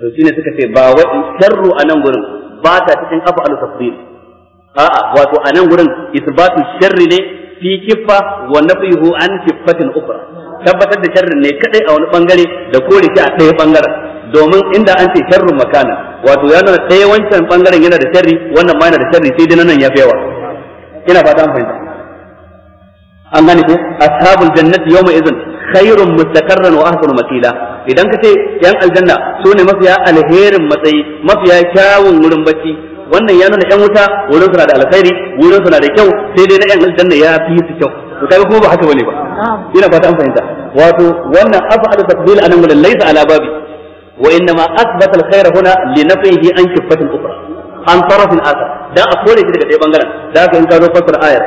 to shine suka ce ba wa sharru a nan gurin ba ta cikin afa tafdil a'a wato a nan gurin isbatu sharri ne fi kifa wa nafihu an kifatin ukra tabbatar da sharrin ne kadai a wani bangare da kore shi a ɗaya bangaren domin inda an ce sharrin makana wato ya nuna sai wancan bangaren yana da sharri wannan ma yana da sharri sai dinan nan ya fi yawa ina fata an fahimta an gane ko ashabul jannati yawma idhin khairun mustaqarran wa ahsanu maqila idan ka ce yan aljanna su ne mafiya alherin matsayi mafiya kyawun wurin bacci wannan ya nuna yan wuta wurin suna da alkhairi wurin suna da kyau sai dai na yan aljanna ya fi su kyau to kai kuma ba haka bane ba ina fata an fahimta wato wannan afa da tafdil anan wala laysa ala babi وإنما أثبت الخير هنا لنفيه عن كفة أخرى عن طرف آخر دا أقول لك كده بانغرا دا إن كانوا فسر آية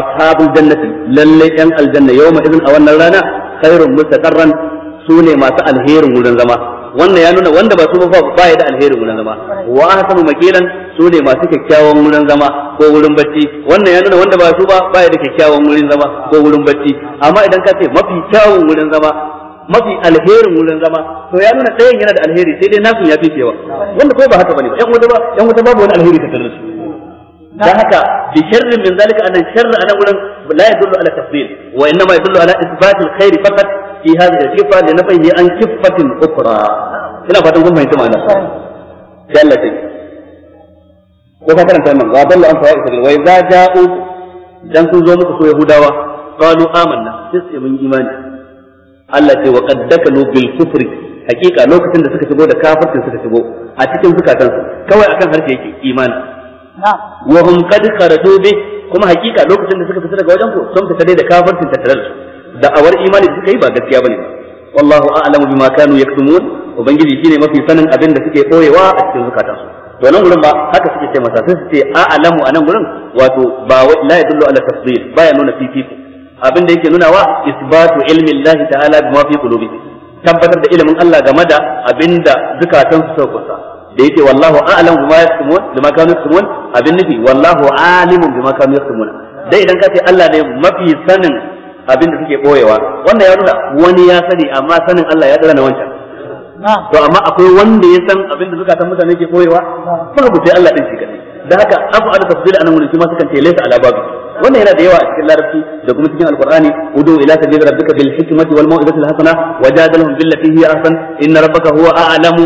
أصحاب الجنة للي أن الجنة يوم إذن أولنا لنا خير مستقرا سوني ما سأل هير ولن زمان wannan ya nuna wanda ba su ba ba da alherin wurin zama wa ahsanu makilan sune masu kyakkyawan wurin zama ko wurin bacci wannan ya nuna wanda ba su ba ba da kyakkyawan wurin zama ko wurin bacci amma idan ka ce mafi kyawun wurin zama mafi alherin wurin zama to ya nuna ɗayan yana da alheri sai dai nasin ya fi cewa wanda ko ba haka bane ba yan wata ba yan wata babu wani alheri ta tare su dan haka bi sharrin min zalika anan sharri anan wurin la yadullu ala tafdil wa innama yadullu ala isbat alkhair faqat fi hadhihi al-kifa li nafihi an kifatin ukhra ina fatan kun fahimta ma'ana sai Allah ta ko ka karanta nan ga dalla an fa'a wa idza ja'u dan sun zo muku so yahudawa qalu amanna sai mun imani Allah ce wa qad dakalu bil kufri hakika lokacin da suka shigo da kafirci suka shigo a cikin su, kawai akan harshe yake imani wa hum qad kharaju bi kuma hakika lokacin da suka fita daga wajen ku sun fita dai da kafircin tattarar da awar imani da suka yi ba gaskiya bane wallahu a'lamu bima kanu yaktumun ubangiji shine mafi sanin abin da suke koyewa a cikin su, to nan gurin ba haka suke ce masa sai su ce a'lamu anan gurin wato ba la yadullu ala tafdil ya nuna fifiko abin da yake nunawa isbatu ilmi Allah ta'ala bima fi qulubihim tabbatar da ilimin Allah game da abinda zukatan su suka kusa da yake wallahu a'lam bima yaktumun bima kanu yasmun abin nufi wallahu alimun bima kanu yasmun dai idan ka ce Allah ne mafi sanin abinda suke boyewa wannan ya nuna wani ya sani amma sanin Allah ya dara na wancan to amma akwai wanda ya san abinda da zukatan mutane ke boyewa babu sai Allah din shi kadai da haka afu ala tafdil anan mulki ma sukan ce laysa ala babu wannan yana da yawa a cikin larabci da kuma cikin alqur'ani udu ila sabili rabbika bil hikmati wal mau'izati al hasana wajadalhum billati hiya ahsan inna rabbaka huwa a'lamu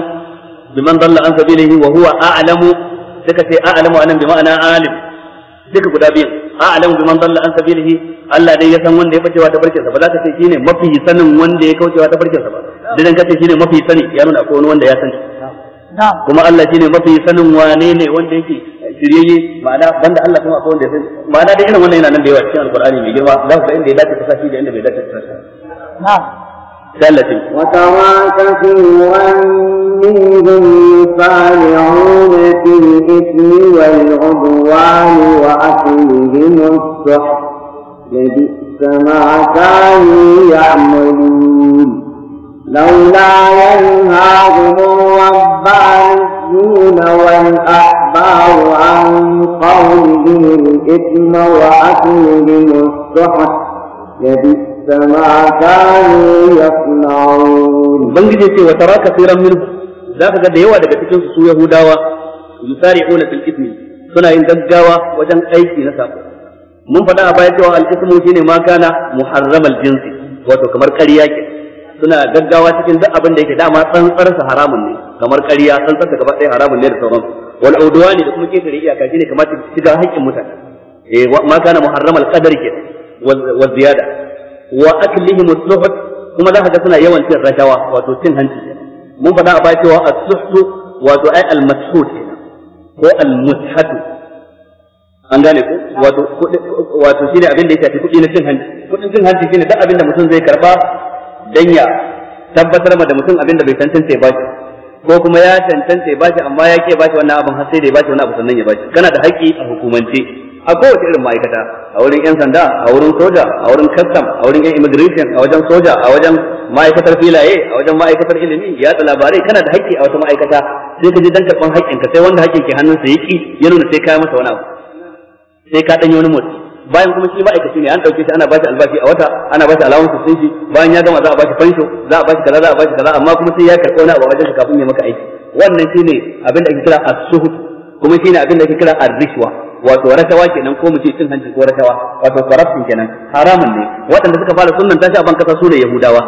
biman dalla an sabilihi wa huwa a'lamu duka sai a'lamu anan bi ma'ana alim duka guda biyan a'lamu biman dalla an sabilihi Allah dai ya san wanda ya bacewa ta barkinsa ba za ka ce shine mafi sanin wanda ya kaucewa ta barkinsa ba dan ka ce shine mafi sani ya nuna akwai wani wanda ya san kuma Allah shine mafi sanin wane ne wanda yake shiryayye ma'ana banda Allah kuma akwai wanda ya san ma'ana da irin wannan yana nan da yawa cikin alkur'ani mai girma za ku ga inda ya dace ka sashi da inda bai dace ka sashi na'am sallati wa tawaka kasiran minhum yusari'una fil ithmi wal 'udwani لبئس ما كانوا يعملون لولا ينهاهم الربانيون الصديقون والأحبار عن قولهم الإثم وأكلهم السحت لبئس ما كانوا يصنعون. بنجد وترى كثيرا منهم ذاك قد يوى لك تكون يهوداوى يسارعون في الإثم suna yin gaggawa wajen aiki na sako mun faɗa a baya cewa al-ismu shine ma kana muharramal jinsi wato kamar ƙarya ke suna gaggawa cikin duk abin da yake dama tsantsar sa haramun ne kamar ƙarya tsantsar sa gaba ɗaya haramun ne da sauran wal ne da kuma ketare iyaka shine kamar ta shiga haƙƙin mutane eh ma kana muharram al qadar ke wa ziyada wa aklihim as-suhut kuma za ka ga suna yawan cin rashawa wato cin hanci mun faɗa a baya cewa as-suhtu wato ai al mashhut ko al-mushatu an gane ku wato wato shine abin da yake kuɗi na cin hanci kuɗin cin hanci shine duk abin da mutum zai karba dan ya tabbatar ma da mutum abin da bai tantance ba shi ko kuma ya tantance ba shi amma ya ke ba shi wannan abin har sai da ya ba shi wani abu sannan ya ba shi kana da haƙƙi a hukumance a kowace irin ma'aikata a wurin yan sanda a wurin soja a wurin custom a wurin yan immigration a wajen soja a wajen ma'aikatar filaye a wajen ma'aikatar ilimi ya da labarai kana da haƙƙi a wata ma'aikata sai ka je dan karɓan haƙƙinka sai wanda haƙƙin ke hannunsa yaki ya nuna sai ka masa wani abu sai ka ɗanyi wani motsi bayan kuma shi ma'aikaci ne an dauke shi ana bashi albashi a wata ana bashi allowance sun shi bayan ya gama za a bashi fansho za a bashi kaza za a bashi kaza amma kuma sai ya karɓi wani abu wajen kafin ya maka aiki wannan shi ne abin da ake kira as-suhud kuma shi ne abin da ake kira ar-rishwa wato rashawa kenan ko mu ce cin hanci ko rashawa wato corruption kenan haramun ne waɗanda suka fara sunnan tashi a bankasa su ne yahudawa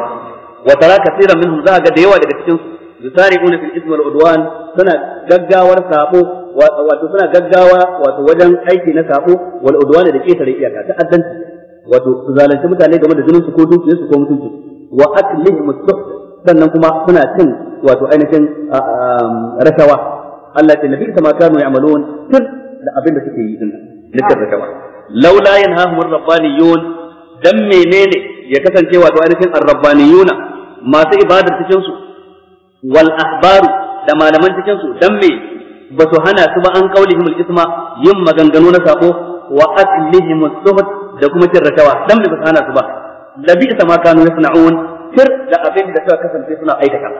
wa tara kaseeran minhum za ga da yawa daga cikin su yusari'una fil ismi wal udwan suna gaggawar sabo wato suna gaggawa wato wajen aiki na sako wal udwana da ketare iyaka ta addanci wato su zalunci mutane game da jinin su ko dukiyar su ko mutunci wa aklihim as-suht sannan kuma suna cin wato ainihin rashawa Allah ta nabi kama kanu ya'malun sir da abin da suke yi din nake rashawa laula yanhahum ar-rabbaniyun dan menene ya kasance wato ainihin ar-rabbaniyuna masu ibadar cikin su wal ahbaru da malaman cikin su dan me ba su hana su ba an qaulihim al-isma yin maganganu na sako wa aklihim as da kuma cin rashawa dan ba su hana su ba labi ma kanu yasna'un da abin da suka kasance suna aikata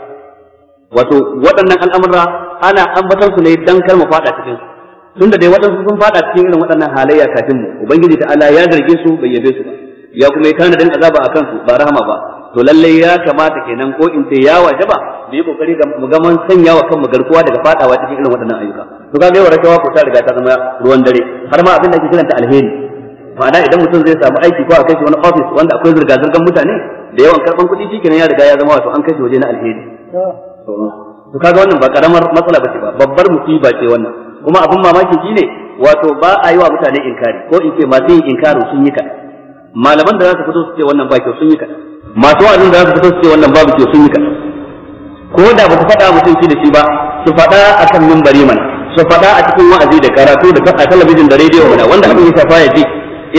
wato waɗannan al'amura ana ambatar su ne dan kalma mu fada cikin tunda dai waɗansu sun fada cikin irin waɗannan halayya kafin mu ubangiji ta allah ya zarge su bai yabe su ba ya kuma yi tanadin azaba a kansu ba rahama ba to lalle ya kamata kenan ko in ce ya waje mu yi kokari ga mugaman ga mun sanya wa kanmu garkuwa daga fadawa cikin irin waɗannan ayyuka to kaga yawa rashawa ko ta riga ta zama ruwan dare har ma abin da ake kiranta alheri ma'ana idan mutum zai samu aiki ko a kai shi wani office wanda akwai zirga zirgan mutane da yawan karban kuɗi kenan ya riga ya zama wato an kai shi waje na alheri to kaga wannan ba karamar matsala ce ba babbar musiba ce wannan kuma abin mamaki shine wato ba a yi wa mutane inkari ko in ce masu yin inkarin sun yi kaɗan malaman da za su fito su ce wannan ba kyau sun yi kaɗan masu wa'azin da za su fito su ce wannan babu kyau sun yi kaɗan ko da ba su faɗa mutum shi da shi ba su faɗa a kan mimbari mana su faɗa a cikin wa'azi da karatu da a talabijin da rediyo mana wanda abin ya shafa ya ce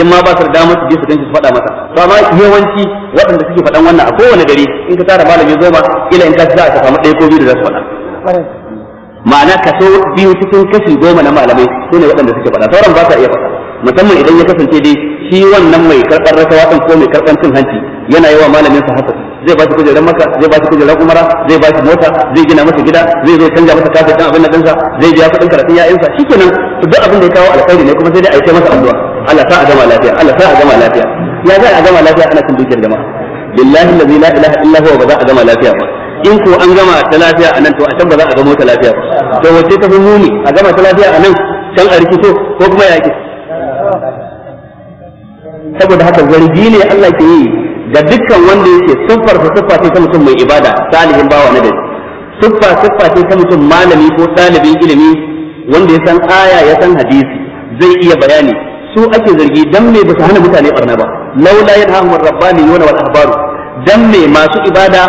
in ma ba su da damar su je su ganci su faɗa masa to amma yawanci waɗanda suke faɗan wannan a kowane gari in ka tara malami zo ma ila in ka za a samu ɗaya ko biyu da za su faɗa ma'ana kaso biyu cikin kashi goma na malamai su ne waɗanda suke faɗa sauran ba sa iya faɗa musamman idan ya kasance dai shi wannan mai karɓar rasawa ɗin ko mai karɓar cin hanci yana yawa malamin sa haka zai ba shi kujerar maka zai ba shi kujerar umara zai ba shi mota zai gina masa gida zai zo canja masa kafin dan abin da kansa zai biya kuɗin karatun ya'yansa shikenan duk abin da ya kawo alkhairi ne kuma sai dai a yi masa addu'a Allah sa a gama lafiya Allah sa a gama lafiya ya za a gama lafiya ana cin dukiyar jama'a lillahi allazi la ilaha illa huwa ba za a gama lafiya ba in ko an gama ta lafiya a nan to a can ba za a gama ta lafiya ba to wace ta fi muni a gama ta lafiya a nan can a rikito ko kuma ya saboda haka zargi ne Allah ke yi ga dukkan wanda yake siffar sa siffa ce ta mutum mai ibada salihin bawa na gari siffa siffa ce ta mutum malami ko ɗalibin ilimi wanda ya san aya ya san hadisi zai iya bayani su ake zargi dan me basu hana mutane barna ba laula yanhahum ar-rabbaniyuna wal ahbaru dan me masu ibada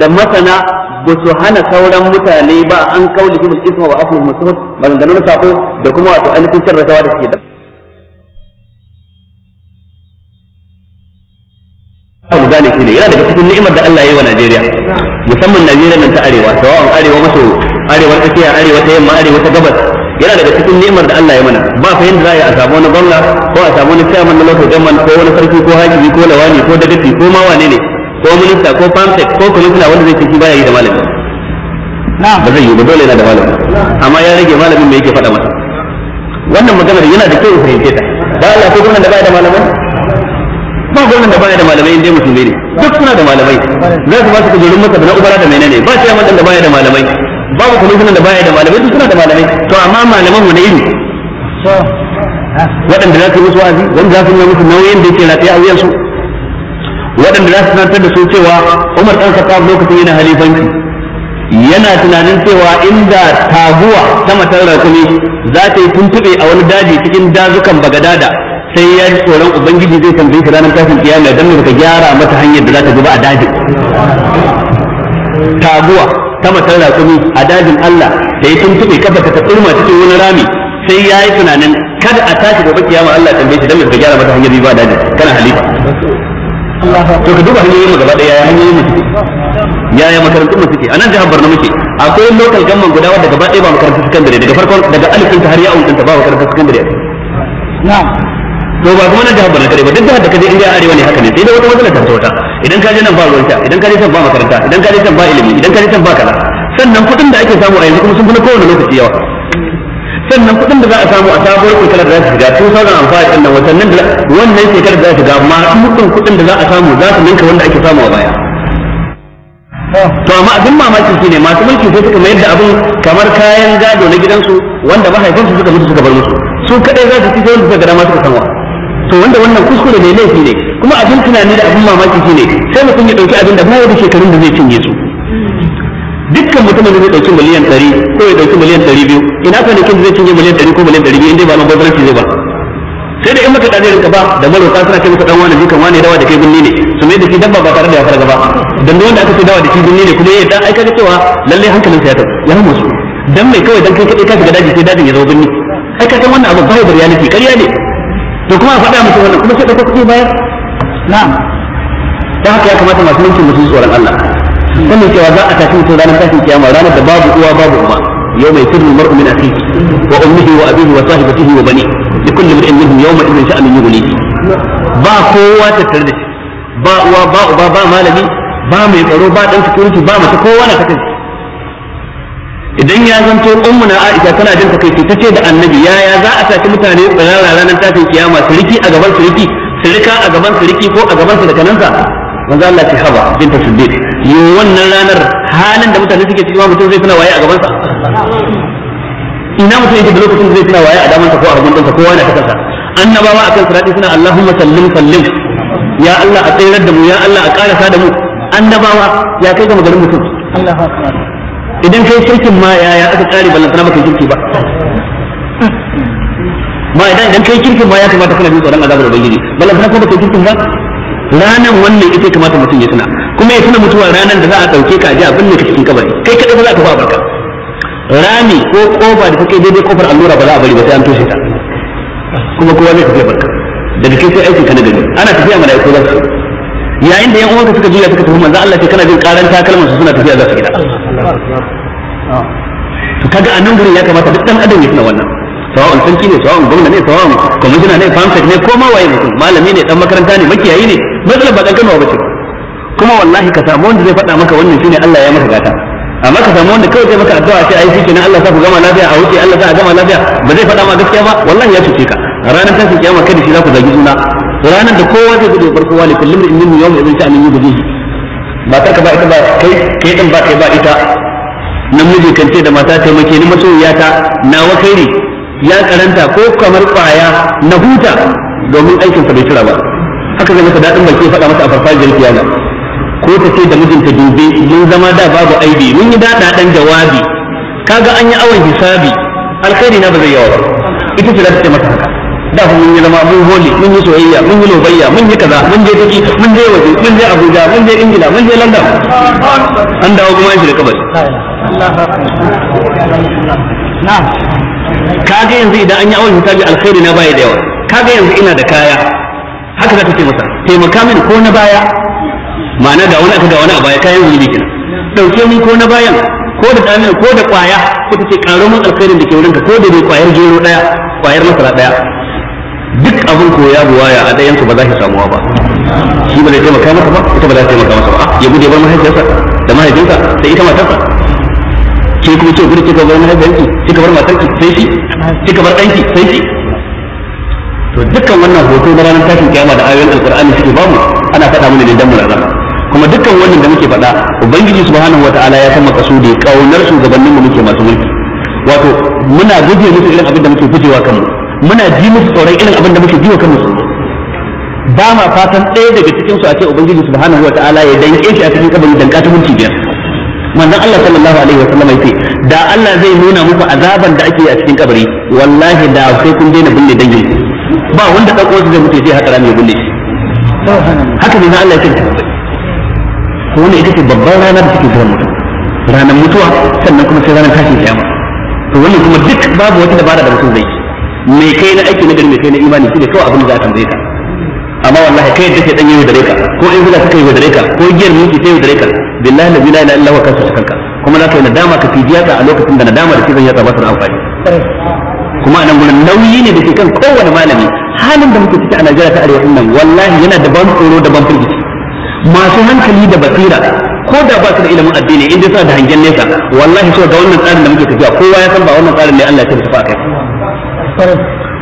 da masana ba su hana sauran mutane ba an kauli bil isma wa aflu musuh maganganun sako da kuma wato ainihin sirratawa da suke da gane shi ne yana daga cikin ni'imar da Allah ya yi wa Najeriya musamman Najeriya nan ta arewa sawa'un arewa maso arewa tsakiya arewa ta yamma arewa ta gabas yana daga cikin ni'imar da Allah ya mana ba fa yanda za a samu wani gwamna ko a samu wani chairman na lokacin government ko wani sarki ko hakimi ko lawani ko dadafi ko ma wane ne ko minista ko pamtek ko commissioner wanda zai ci baya yi da malami ba zai yi ba dole yana da malami amma ya rage malamin me yake faɗa masa wannan maganar yana da kyau fahimce ta Ba Allah ko gwamnan da baya da malamai ba gwamnan da baya da malamai inda musulmi ne duk suna da malamai za su ba su kujerun masa da na ubara da menene ba shi yaman da baya da malamai babu kwamishinan da baya da malamai duk suna da malamai to amma malaman mu na iri waɗanda za su yi musu wa'azi wanda za su yi musu nauyin da yake rataye a su waɗanda za su sanantar da su cewa Umar ɗan Khattab lokacin yana halifanci yana tunanin cewa inda taguwa ta matar rakumi za ta yi tuntube a wani daji cikin dazukan Bagadada sai ya ji tsoron ubangiji zai tambaye shi ranar tashin kiyama dan baka gyara mata hanyar da za ta zuba a dajin taguwa ta matar raƙumi a dajin Allah da ya tuntube kafa ta tsurma cikin wani rami sai ya yi tunanin kada a tashi gobe kiyama Allah tambaye shi dan baka gyara mata hanyar zuba a dajin kana halifa to ka duba hanyoyin mu gaba daya hanyoyin mu yaya makarantun mu suke anan jihar Borno muke akwai local gamman guda wanda gaba daya ba makarantun sakandare daga farkon daga alifin ta har ya ta ba makarantun sakandare na'am to ba kuma nan da Borno kare ba duk da da kaje inda arewa ne haka ne sai da wata matsala ta wata idan kaje nan ba ruwan idan kaje san can ba makaranta idan kaje san can ba ilimi idan kaje san can ba kala sannan kuɗin da ake samu a yanzu kuma sun fi na kowane lokaci yawa sannan kuɗin da za a samu a sabuwar shekarar da za su shiga tun sauran amfani ɗin nan watannin da wannan shekarar da za su shiga ma mutum kuɗin da za a samu za su ninka wanda ake samu a baya to amma abin mamaki shine masu mulki sai suka mayar da abin kamar kayan gado na gidansu wanda mahaifinsu suka mutu suka bar musu su kadai za su ci sai wanda suka gada ma suka sanwa to wanda wannan kuskure mai laifi ne kuma abin tunani da abin mamaki ne sai mutum ya dauki abin da ba da shekarun da zai cinye su dukkan mutumin da zai dauki miliyan 100 ko ya dauki miliyan 200 ina ka ne kin zai cinye miliyan 100 ko miliyan 200 inda ba na bazarci zai ba sai da in maka dade rinka ba da maroka suna kai maka dan wani dukan wani dawa da kai binni ne su mai da shi dabba ba tare da ya fara gaba dan da wanda aka ce dawa da shi binni ne kuma ya dan aika cewa lalle hankalinsa ya tafi ya musu dan mai kawai dan kai kai ka shiga daji sai dajin ya zo binni kai ka san wannan abu bai bar reality kariya ne to kuma faɗa musu wannan kuma sai da kuke bayar na'am dan haka ya kamata masu mulkin musu tsoron Allah sannan cewa za a tafi mutum ranar tashin kiyama ranar da babu uwa babu uba yau mai sirrin mar'u min akhihi wa ummihi wa abihi wa sahibatihi wa bani li kulli mar'in minhum yawma idhin sha'anun yughnihi ba kowa tattare da shi ba uwa ba uba ba malami ba mai tsaro ba dan security ba mace kowa na kasance idan ya zanto na Aisha tana jin takaici tace da annabi yaya za a saki mutane tsirara ranar tashin kiyama su riki a gaban su riki a gaban su ko a gaban su da kanansa manzo Allah ce haba binta siddiq yo wannan ranar halin da mutane suke cikin mutum zai tuna waye a gaban sa ina mutum yake da lokacin zai tuna waye a damansa ko a gaban sa ko wani a kansa annabawa akan sirati suna Allahumma sallim sallim ya Allah a tsayar da mu ya Allah a karasa da mu annabawa ya kai ga maganin mutum Allahu akbar idan kai shirkin ma yaya aka tsari ballan sana baka kirki ba ma idan idan kai kirkin ma ya kamata kana jin tsoron azabar ubangiji sana kuma kai kirkin ba ranan wannan ita kamata mutum ya tuna kuma ya tuna mutuwa ranan da za a dauke ka ji abin ne ka cikin kabari kai kada ba za ka ba barka rami ko kofa da take daidai kofar allura ba za a bari ba sai an toshe ta kuma kowa zai tafi barka daga kai sai aikin ka na gani ana tafiya mana ko za su yayin da yan uwanka suka juya suka tafi manzo Allah sai kana jin karanta kalmar su suna tafiya za su gida to kaga anan gurin ya kamata duk dan adam ya tuna wannan sawa'un sarki ne sawa'un gwamna ne sawa'un kwamishina ne famsek ne ko ma waye mutum malami ne dan makaranta ne makiyayi ne matsalar ba dan ba ce kuma wallahi ka samu wanda zai faɗa maka wannan shine Allah ya maka gata amma ka samu wanda kawai zai maka addu'a sai ai shi ne Allah sa ku gama lafiya a wuce Allah sa a gama lafiya ba zai faɗa ma gaskiya ba wallahi ya cuce ka ranar tashin kiyama kada shi za ku zagi juna ranar da kowa zai gudu farko wa li kullum min yawmin ibn sha'anin yubdihi ta ka ba ita ba kai kai din ba kai ba ita namiji kan ce da mata taimake ni masoyiya na nawa kai ne ya karanta ko kamar kwaya na huta domin aikin sa bai tura ba haka zai masa dadin baki faɗa masa a farfajiyar kiyama ko ta ce da mijinta dubi mun zama da babu aibi mun yi dada dan jawabi kaga an yi awon hisabi alkhairi na ba zai yawa ita ce za ta ce masa haka da fa mun yi zama mun holi mun yi soyayya mun yi lobayya mun yi kaza mun je taki mun je waje mun je abuja mun je ingila mun je london an dawo kuma shi da kabari kaga yanzu idan an yi awon hisabi alkhairi na baya da yawa kaga yanzu ina da kaya haka za ka ce masa taimaka mini ko na baya ma'ana ga wani aka ga wani a baya kayan zunubi kenan dauke mun ko na bayan ko da damin ko da kwaya ko ta ce karo mun alkhairin da ke wurinka ko da bai kwayar jero daya kwayar masara daya duk abin koya ya a ɗayan ku ba za ki samuwa ba shi ba zai taimaka masa ba ita ba za ta taimaka masa ba ya gude bar mahaifiyarsa da mahaifinsa da ita matarsa ke kuma ce gudu kika bar mahaifiyarki kika bar matarki sai shi kika bar ɗanki sai shi to dukkan wannan hoto na ranar tashin kiyama da ayoyin alkur'ani suke bamu ana faɗa mana ne dan mu da kuma dukkan wannan da muke faɗa ubangiji subhanahu wataala ya san makasudi kaunar gabanin mu muke masu mulki wato muna guje musu irin abin da muke fujewa kanmu muna ji musu tsoron irin abin da muke ji wa kanmu su ba ma fatan ɗaya daga cikin su a ce ubangiji subhanahu wa ta'ala ya danke shi a cikin kabari danka ta minti biyar manzon Allah sallallahu alaihi wa sallam yace da Allah zai nuna muku azaban da ake a cikin kabari wallahi da sai kun daina binne dangin ba wanda dan uwansa zai mutu zai haka rami ya binne shi haka ne Allah ya ce ko wannan ita ce babban ranar da take zuwa mutum ranar mutuwa sannan kuma sai ranar tashin kiyama to wannan kuma duk babu wata dabara da mutum zai yi mai kai na aiki na gari mai kai na imani shi ne kawai abin da za a tambaye ka amma wallahi kai yadda dan yau dare ka ko in zuwa suka yau dare ka ko giyar mun ki yau dare ka billahi la ilaha illa huwa kasu kanka kuma na kai nadama ka fi jiyata a lokacin da nadama da kizan ya tsaba su amfani kuma anan gurin nauyi ne da ke kan kowane malami halin da muke ciki a Najeriya ta arewa nan wallahi yana da ban tsoro da ban firgici masu hankali da basira ko da ba su da ilimin addini inda suna da hangen nesa wallahi so da wannan tsarin da muke tafiya kowa ya san ba wannan tsarin ne Allah ya tafi a kai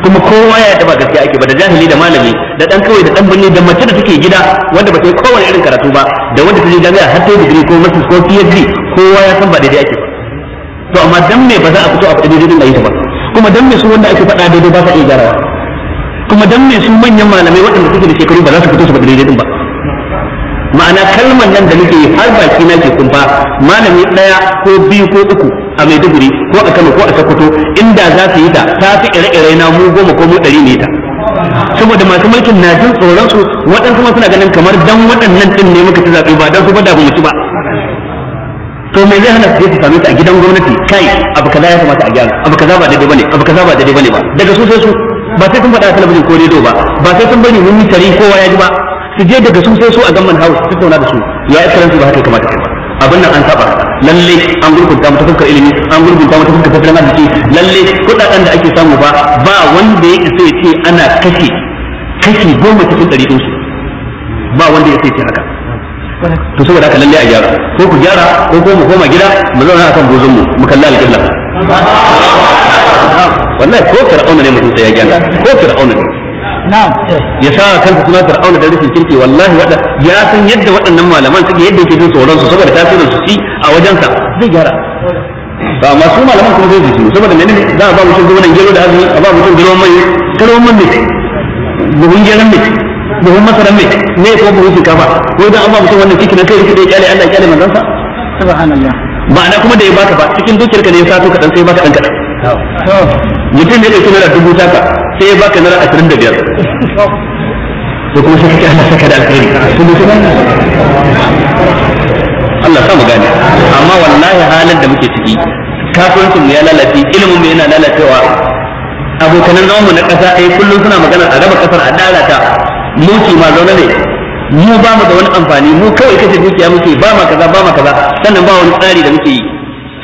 kuma kowa ya taba gaskiya ake ba da jahili da malami da dan kawai da dan birni da mace da take gida wanda ba ta yi kowane irin karatu ba da wanda ta je jami'a har ta yi digiri ko masters ko PhD kowa ya san ba daidai ake ba to amma dan me ba za a fito a fadi daidai da ita ba kuma dan me su wanda ake faɗa daidai ba sa iya gyarawa kuma dan me su manyan malamai waɗanda suke da shekaru ba za su fito su faɗi daidai ba ma'ana kalmar nan da nake har baki na ke kumfa malami daya ko biyu ko uku a Maiduguri ko a Kano ko a Sokoto inda za su yi ta ta fi ire-ire na mu goma ko mu ɗari ne ta saboda masu mulkin na jin tsoron su waɗansu ma suna ganin kamar dan waɗannan din ne muka ci zaɓe ba dan su ba da mu ci ba to me zai hana su je su same ta a gidan gwamnati kai abu kaza ya kamata a gyara abu kaza ba daidai bane abu kaza ba daidai bane ba daga su sai su ba sai sun faɗa a talabijin ko rediyo ba ba sai sun bari mun yi tari kowa ya ji ba su je daga su sai su a gamman house su tattauna da su ya karanci ba haka kamata kai abin nan an saba lalle an gurgunta mata fuskar ilimi an gurgunta mata fuskar tattalin arziki lalle kudaden da ake samu ba ba wanda ya isa ya ce ana kashe kashi goma cikin ɗari ɗin su ba wanda ya isa ya ce haka to saboda haka lalle a gyara ko ku gyara ko ko mu koma gida mu zauna kan gozon mu mu kalla alƙibla wallahi ko fir'auna ne mutum sai ya gyara ko fir'auna ne ya sa kansa suna fir'auna da rufin kirki wallahi wada ya san yadda waɗannan malaman suke yadda yake jin tsoron su saboda tasirin su ci a wajensa zai gyara ba amma su malaman kuma zai jiki saboda menene za a ba mutum gonan gero da azumi a ba mutum gero mai gero mun ne buhun gero ne buhun masara ne ne ko buhun ba ko dan an ba mutum wannan kiki na kai kike da kyale Allah kyale manzon sa subhanallah ma'ana kuma da ya baka ba cikin ka ne ya sato ka dan sai baka dan kadan mutum ne da kuma da dubu taka sai ya baka naira ashirin da biyar to kuma sai kake Allah saka da alkhairi Allah sa mu gane amma wallahi halin da muke ciki kasuwancin mu ya lalace ilimin mu yana lalacewa abokanan zaman na ƙasa ai eh, kullum suna magana a raba kasar a dalata mulki ma zaune ne mu ba mu da wani amfani mu kawai kace dukiya muke ba ma kaza ba ma kaza sannan ba wani tsari da muke yi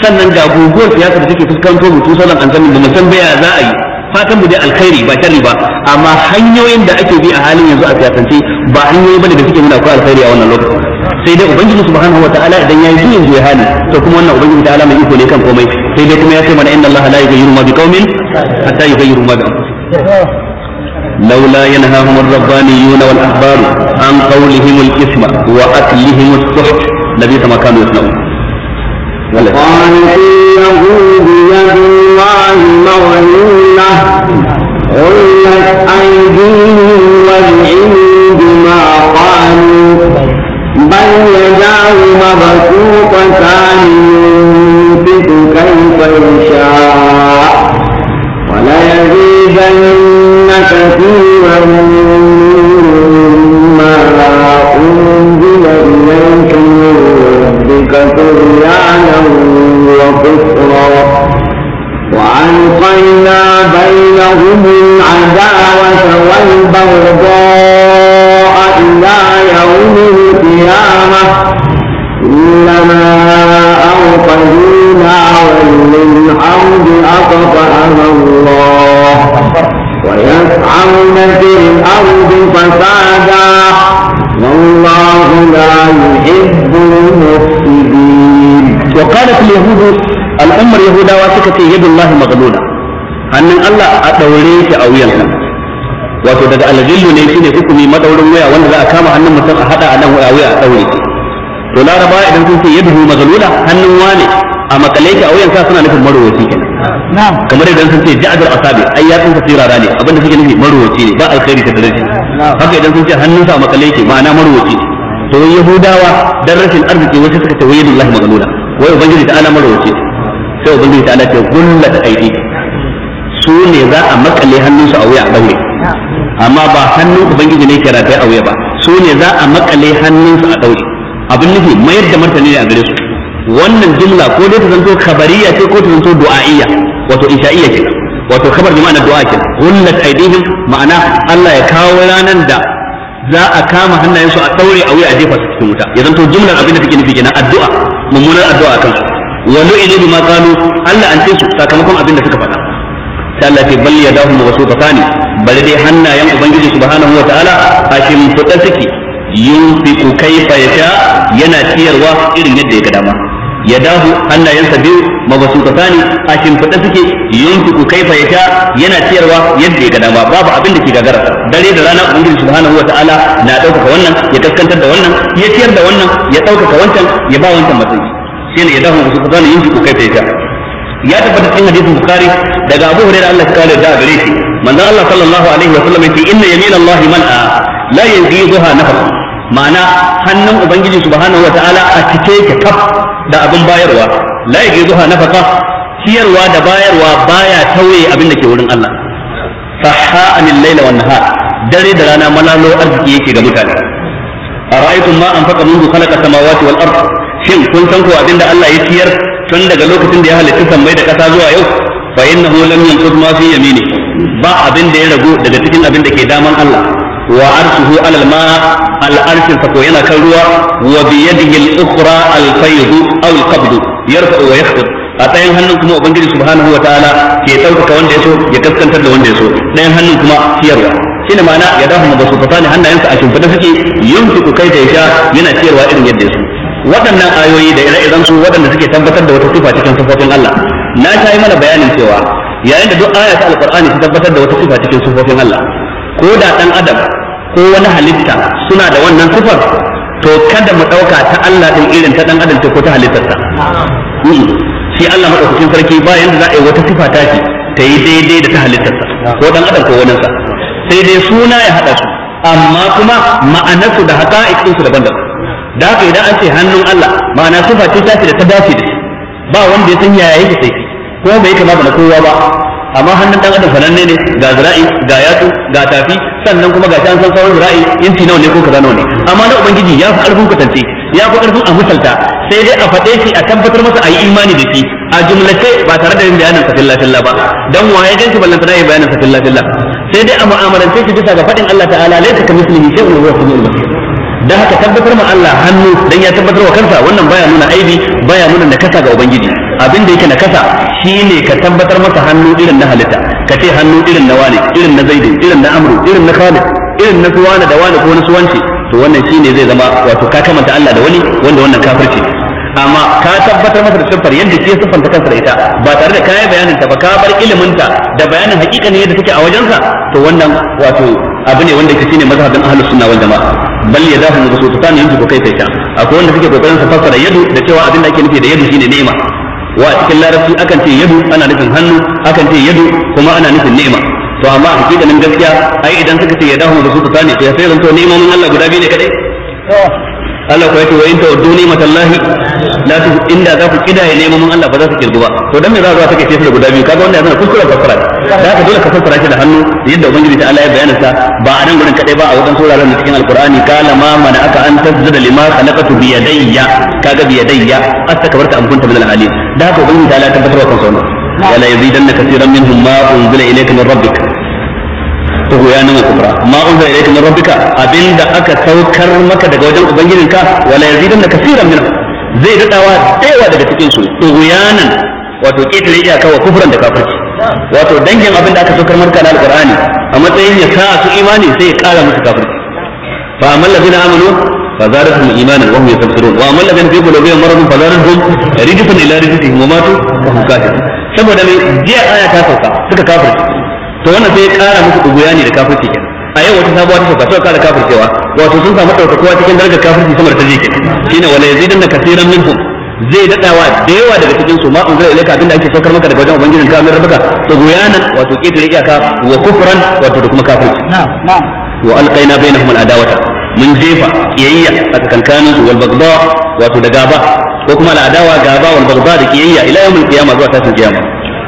sannan ga guguwar siyasa da take fuskanto mutu tusalan an zamin da mu san baya za a yi fatan mu dai alkhairi ba sharri ba amma hanyoyin da ake bi a halin yanzu a siyasance ba hanyoyi bane da suke nuna ko alkhairi a wannan lokacin sai dai ubangiji subhanahu wa ta'ala idan yayi duk yanzu ya hali to kuma wannan ubangiji ta'ala mai iko ne kan komai sai dai kuma ya ce mana inna allaha la yughayyiru ma biqaumin hatta yughayyiru ma bi لولا ينهاهم الربانيون والأحبار عن قولهم الإثم وأكلهم السحت الذي كما كانوا يصنعون قالت اليهود يد الله مغلولة غلت أيديهم والعنوا بما قالوا بل يداه مبسوطتان ينفق كيف يشاء وليزيدن كثيرا مما أنزل إليك ربك طغيانا وكفرا وألقينا بينهم العداوة والبغضاء yake a wuyanka wato daga aljillu ne shine hukumi madaurin waya wanda za a kama hannun mutum a hada a nan waya wuya a daure to laraba idan sun ce yadda mazalula hannun wane a makale ki a wuyanka suna nufin marowaci kenan kamar idan sun ce ja'adul asabi ai ya tsinka sirara ne abinda suke nufi marowaci ne ba alkhairi ta daraja haka idan sun ce hannunsa a makale ki ma'ana marowaci ne to yahudawa dan rashin arziki wasu suka ce wayyullahi magalula wai ubangiji ta ala marowaci sai ubangiji ta ala ce gullat aidi su ne za a makale hannunsu a wuya a daure amma ba hannun ubangiji ne ke rataye a wuya ba su ne za a makale hannunsu a ɗaure? abin nufi mayar da martani ne a gare su wannan jumla ko dai ta zanto kabariya ce ko ta zanto du'a'iyya wato insha'iyya ce wato kabar bi ma'ana du'a ce hullat aidihim ma'ana Allah ya kawo ranan da za a kama hannayensu a daure a wuya a jefa su cikin wuta ya zanto jumlar abin da take nufi kenan addu'a mummunar addu'a akan su wa lu'inu bima qalu Allah an ce su sakamakon abin da suka faɗa sai Allah ce bal yadahu mabsutatani bari dai hannayen ubangiji subhanahu wataala a shimfiɗa suke yunfiku kaifa sha. yana ciyarwa irin yadda ya ga dama yadahu hannayensa biyu mabsutatani a shimfiɗa suke yunfiku kaifa sha. yana ciyarwa yadda ya ga dama babu abin da ke gagara dare da rana ubangiji subhanahu wataala na ɗaukaka wannan ya kaskantar da wannan ya ciyar da wannan ya ɗaukaka wancan ya ba wancan matsayi shine yadahu mabsutatani yunfiku kaifa yasha ya tabbata cikin hadisin bukhari daga Abu Hurairah Allah ya kare da gare shi manzo Allah sallallahu alaihi wa sallam yace inna yaminallahi la ma'ana hannun ubangiji subhanahu wa ta'ala a cike yake kaf da abin bayarwa la zuha nafaqa ciyarwa da bayarwa baya tauye abin da ke wurin Allah sahaa min laila wan nahar dare da rana malalo arziki yake ga mutane ara'aytum ma anfaqa mundu khalaqa samawati wal ard shin kun san ko abin da Allah ya ciyar tun daga lokacin da ya halitta sammai da kasa zuwa yau fa innahu lam yanqud ma fi yamini ba abin da ya ragu daga cikin abin da ke daman Allah wa arshuhu alal ma al arshin fa ko yana kan ruwa wa bi yadihi al ukhra al fayd aw al qabd yarfa wa yakhfid a ɗayan hannun kuma ubangiji subhanahu wa ta'ala ke ɗaukaka wanda ya so ya kaskantar da wanda ya so ɗayan hannun kuma ciyarwa shine ma'ana ya dafa ba su fata ne hannayensa a shimfiɗa suke yunfiku kai da ya yana ciyarwa irin yadda ya so waɗannan ayoyi da ire-iren su waɗanda suke tabbatar da wata sifa cikin sifofin Allah na ta yi mana bayanin cewa yayin da duk ayat alqur'ani ta tabbatar da wata sifa cikin sifofin Allah ko da dan adam ko wani halitta suna da wannan sifar to kada mu dauka ta Allah din irin ta dan adam ko ta halittarsa shi Allah madaukakin sarki ba yanda za a yi wata sifa ta shi ta yi daidai da ta halittarsa ko dan adam ko wannan sa sai dai suna ya hada su amma kuma ma'anarsu da haqa'iqin su daban-daban da haka idan an ce hannun Allah ma'ana sifa ce ta da ta dace da ba wanda ya san yaya yake sai ko bai kama da kowa ba amma hannun dan adam sananne ne ga zira'i ga Yatu, ga tafi sannan kuma ga an san sauran zira'i inci nawa ne ko kaza nawa ne amma na ubangiji ya fi karfin kwatance ya fi karfin a misalta sai dai a faɗe shi a tabbatar masa a yi imani da shi a jumlace ba tare da yin bayanin sa fillah fillah ba dan waye ganci ballantana yi bayanin sa fillah fillah sai dai a mu'amalance shi bisa ga faɗin Allah ta'ala laysa ka mislihi shay'un wa huwa basir dan haka tabbatar ma Allah hannu dan ya tabbatar wa kansa wannan baya nuna aibi baya nuna nakasa ga ubangiji abin da yake shi ne ka tabbatar masa hannu irin na halitta ka ce hannu irin na wane, irin na zaidin irin na amru irin na khalid irin na suwana da wane ko na suwanci to wannan shi ne zai zama wato ka kamanta Allah da wani wanda wannan kafirci amma ka tabbatar masa da siffar yadda ke siffanta kansa da ita ba tare da kayan bayanin ta ba ka bar ilimin da bayanin hakika ne yadda take a wajensa to wannan wato abu ne wanda yake shine mazhabin ahlus sunna wal jamaa bal yadahu mabsuutatan yanzu ko kai kai akwai wanda suke kokarin su fassara yadu da cewa abin da ake nufi da yadu shine ni'ima wa a cikin larabci akan ce yadu ana nufin hannu akan ce yadu kuma ana nufin ni'ima to amma a hakikanin gaskiya ai idan suka ce yadahu mabsuta ne sai sai zanto ni'imomin Allah guda biyu ne kadai Allah ko yace wa in tawddu ni'matallahi la tu inda za ku kidaya neman Allah ba za ku kirgu ba to dan me za zuwa take ce da guda biyu kaga wanda yana kuskuren fassara da haka dole ka fassara shi da hannu yadda ubangiji ta Allah ya bayyana sa ba a nan gurin kadai ba a wajen sauraron cikin alqur'ani kala ma mana aka an tasjuda lima khalaqatu bi yadayya kaga bi yadayya astakbarta am kunta min al-alim da haka ubangiji ta Allah ya tabbatar wa kansa wannan wala yazidanna kaseeran minhum ma unzila ilayka min rabbika tughyanan kufra amma an zai min rabbika abinda aka saukar maka daga wajen ubangijinka wala ka kaseeran min. zai dadawa daya daga cikin su tughyanan wato ketare iyaka wa kufran da kafirci wato dangin abinda aka saukar maka na alqur'ani a matsayin ya sa su imani sai ya kara musu kafirci fa amal ladina amanu فزادتهم ايمانا وهم يستبشرون واما الذين في قلوبهم مرض فزادتهم رجسا الى رجسهم وماتوا وهم كافرون saboda mai jiya aya ta sauka suka kafirci to wannan sai ya kara musu dubuyani da kafirci kenan a yau wata sabuwa ta shafa suka kara kafircewa wato sun samu ɗaukakuwa cikin darajar kafirci sama da ta je kenan shine wala yazidun na kasiran minhum zai dadawa da yawa daga cikin su ma an unzira ilaika abinda ake saukar maka daga wajen ubangijin ka amir to tsuguyanan wato ketare iyaka wa kufran wato da kuma kafirci na'am wa alqaina bainahum al'adawata mun jefa kiyayya a tsakankanin su wal bagda wato da gaba ko kuma al'adawa gaba wal bagda da kiyayya ila yawmil qiyamah zuwa tashin qiyamah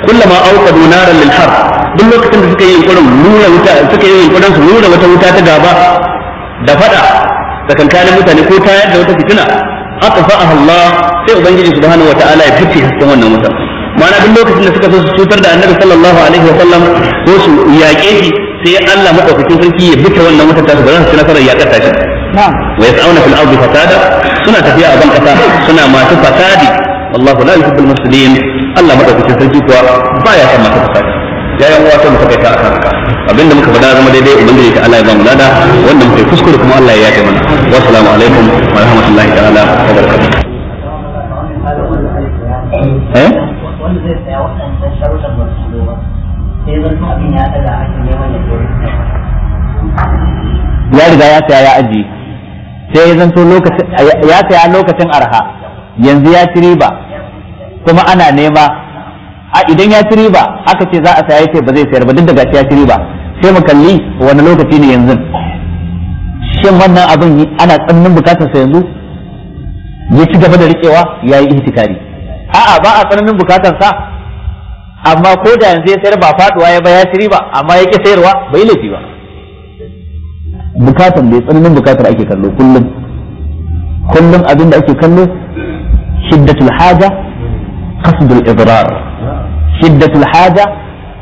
kullama awqadu naran lil harb duk lokacin da suka yi yunkurin nuna wuta suka yi yunkurin su nuna wata wuta ta gaba da fada tsakankanin mutane ko tayar da wata fitina aka fa'a Allah sai ubangiji subhanahu wataala ya fice hasken wannan wuta ma'ana duk lokacin da suka so su cutar da annabi sallallahu alaihi wa sallam ko su yaƙe shi sai Allah madaukakin sarki ya fice wannan wuta ta su ba za su ci nasarar yaƙar ta shi wa yas'auna fil ardi fasada suna tafiya a ban kasa suna masu fasadi wallahu la yuhibbul mufsidin Allah madaukakin sarki kuwa baya son masu fasadi ya yan uwa ta mutaka ta aka haka abinda muka faɗa zama daidai da ta Allah ya ba mu lada wanda muke yi kuskure kuma Allah ya yafe mana assalamu alaikum wa rahmatullahi ta'ala wa barakatuh eh wanda zai tsaya wannan sharuɗan ba su ba sai zan abin ya ɗaga ake neman ya ya riga ya saya ya aji sai ya zanto lokacin ya saya lokacin arha yanzu ya ci riba kuma ana nema a idan ya ci riba aka ce za a saya yace ba zai sayar ba duk da gashi ya ci riba sai mu kalli wani lokaci ne yanzu shin wannan abin ana tsannin bukatar sa yanzu ya ci gaba da riƙewa ya yi ihtikari a'a ba a tsananin bukatar sa amma ko da yanzu ya sayar ba faduwa ya ba ya ci riba amma ya ki sayarwa bai laifi ba bukatar da tsananin bukatar ake kallo kullum kullum abin da ake kallo shiddatul haja qasdul idrar shiddatul haja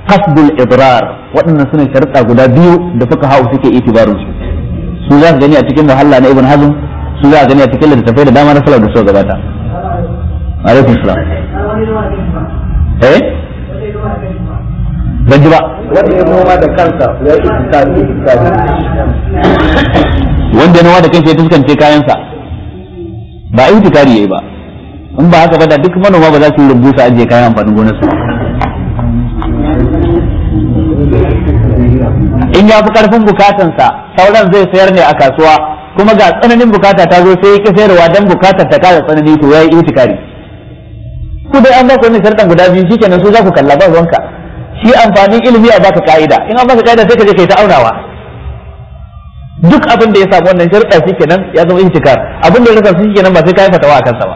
qasdul idrar waɗannan suna sharuɗa guda biyu da fuka hawa suke itibarin su su za su gani a cikin muhalla na ibn hazm su za su gani a cikin littattafai da dama na salaf da su gabata alaikum salam eh ban ji ba wanda ya noma da kansa ya yi tsari tsari wanda ya noma da ya tuskance kayansa ba a yi tikari yayi ba in ba haka ba da duk manoma ba za su yi rubu su ajiye kayan amfanin gonar su in ya fi karfin bukatansa sauran zai sayar ne a kasuwa kuma ga tsananin bukata ta zo sai ya ki sayarwa don bukatar ta kada tsanani to yayi itikari ku dai an ba ku ne sharɗan guda biyu shi kenan su za ku kalla ba ruwanka shi amfanin ilimi a baka ka'ida in an baka ka'ida sai ka je kai ta aunawa duk abin da ya samu wannan sharɗa kenan ya zama intikar abin da ya rasa kenan ba sai ka yi fatawa a kansa ba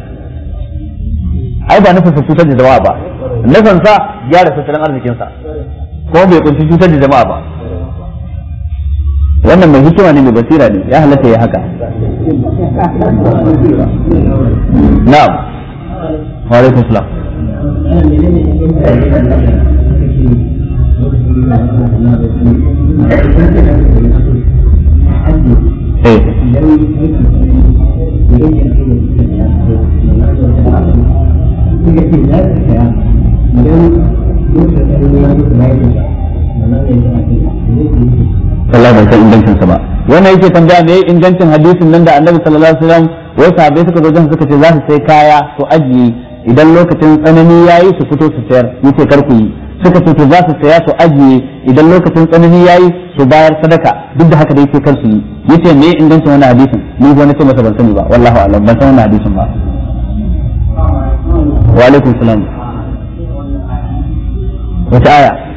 ai ba nufin sa cutar da jama'a ba nufin sa gyara tattalin arzikin sa ko bai kunshi cutar da jama'a ba wannan mai hikima ne mai basira ne ya halatta ya haka na'am wa alaikum salam Hey. Eh. suka ce za su saya idan lokacin da ya zo da bayan sallah bai san ingancin sa ba wannan yake tambaya me ingancin hadisin nan da annabi sallallahu alaihi wasallam wai sahabbai suka zo jin suka ce za su sai kaya su ajiye idan lokacin tsanani yayi su fito su sayar yace kar ku yi suka ce to za su saya su ajiye idan lokacin tsanani yayi su bayar sadaka duk da haka dai yake kar su yi yace me ingancin wannan hadisin ni ba na ce masa ban sani ba wallahi a'lam ban san wannan hadisin ba wa alaikum salam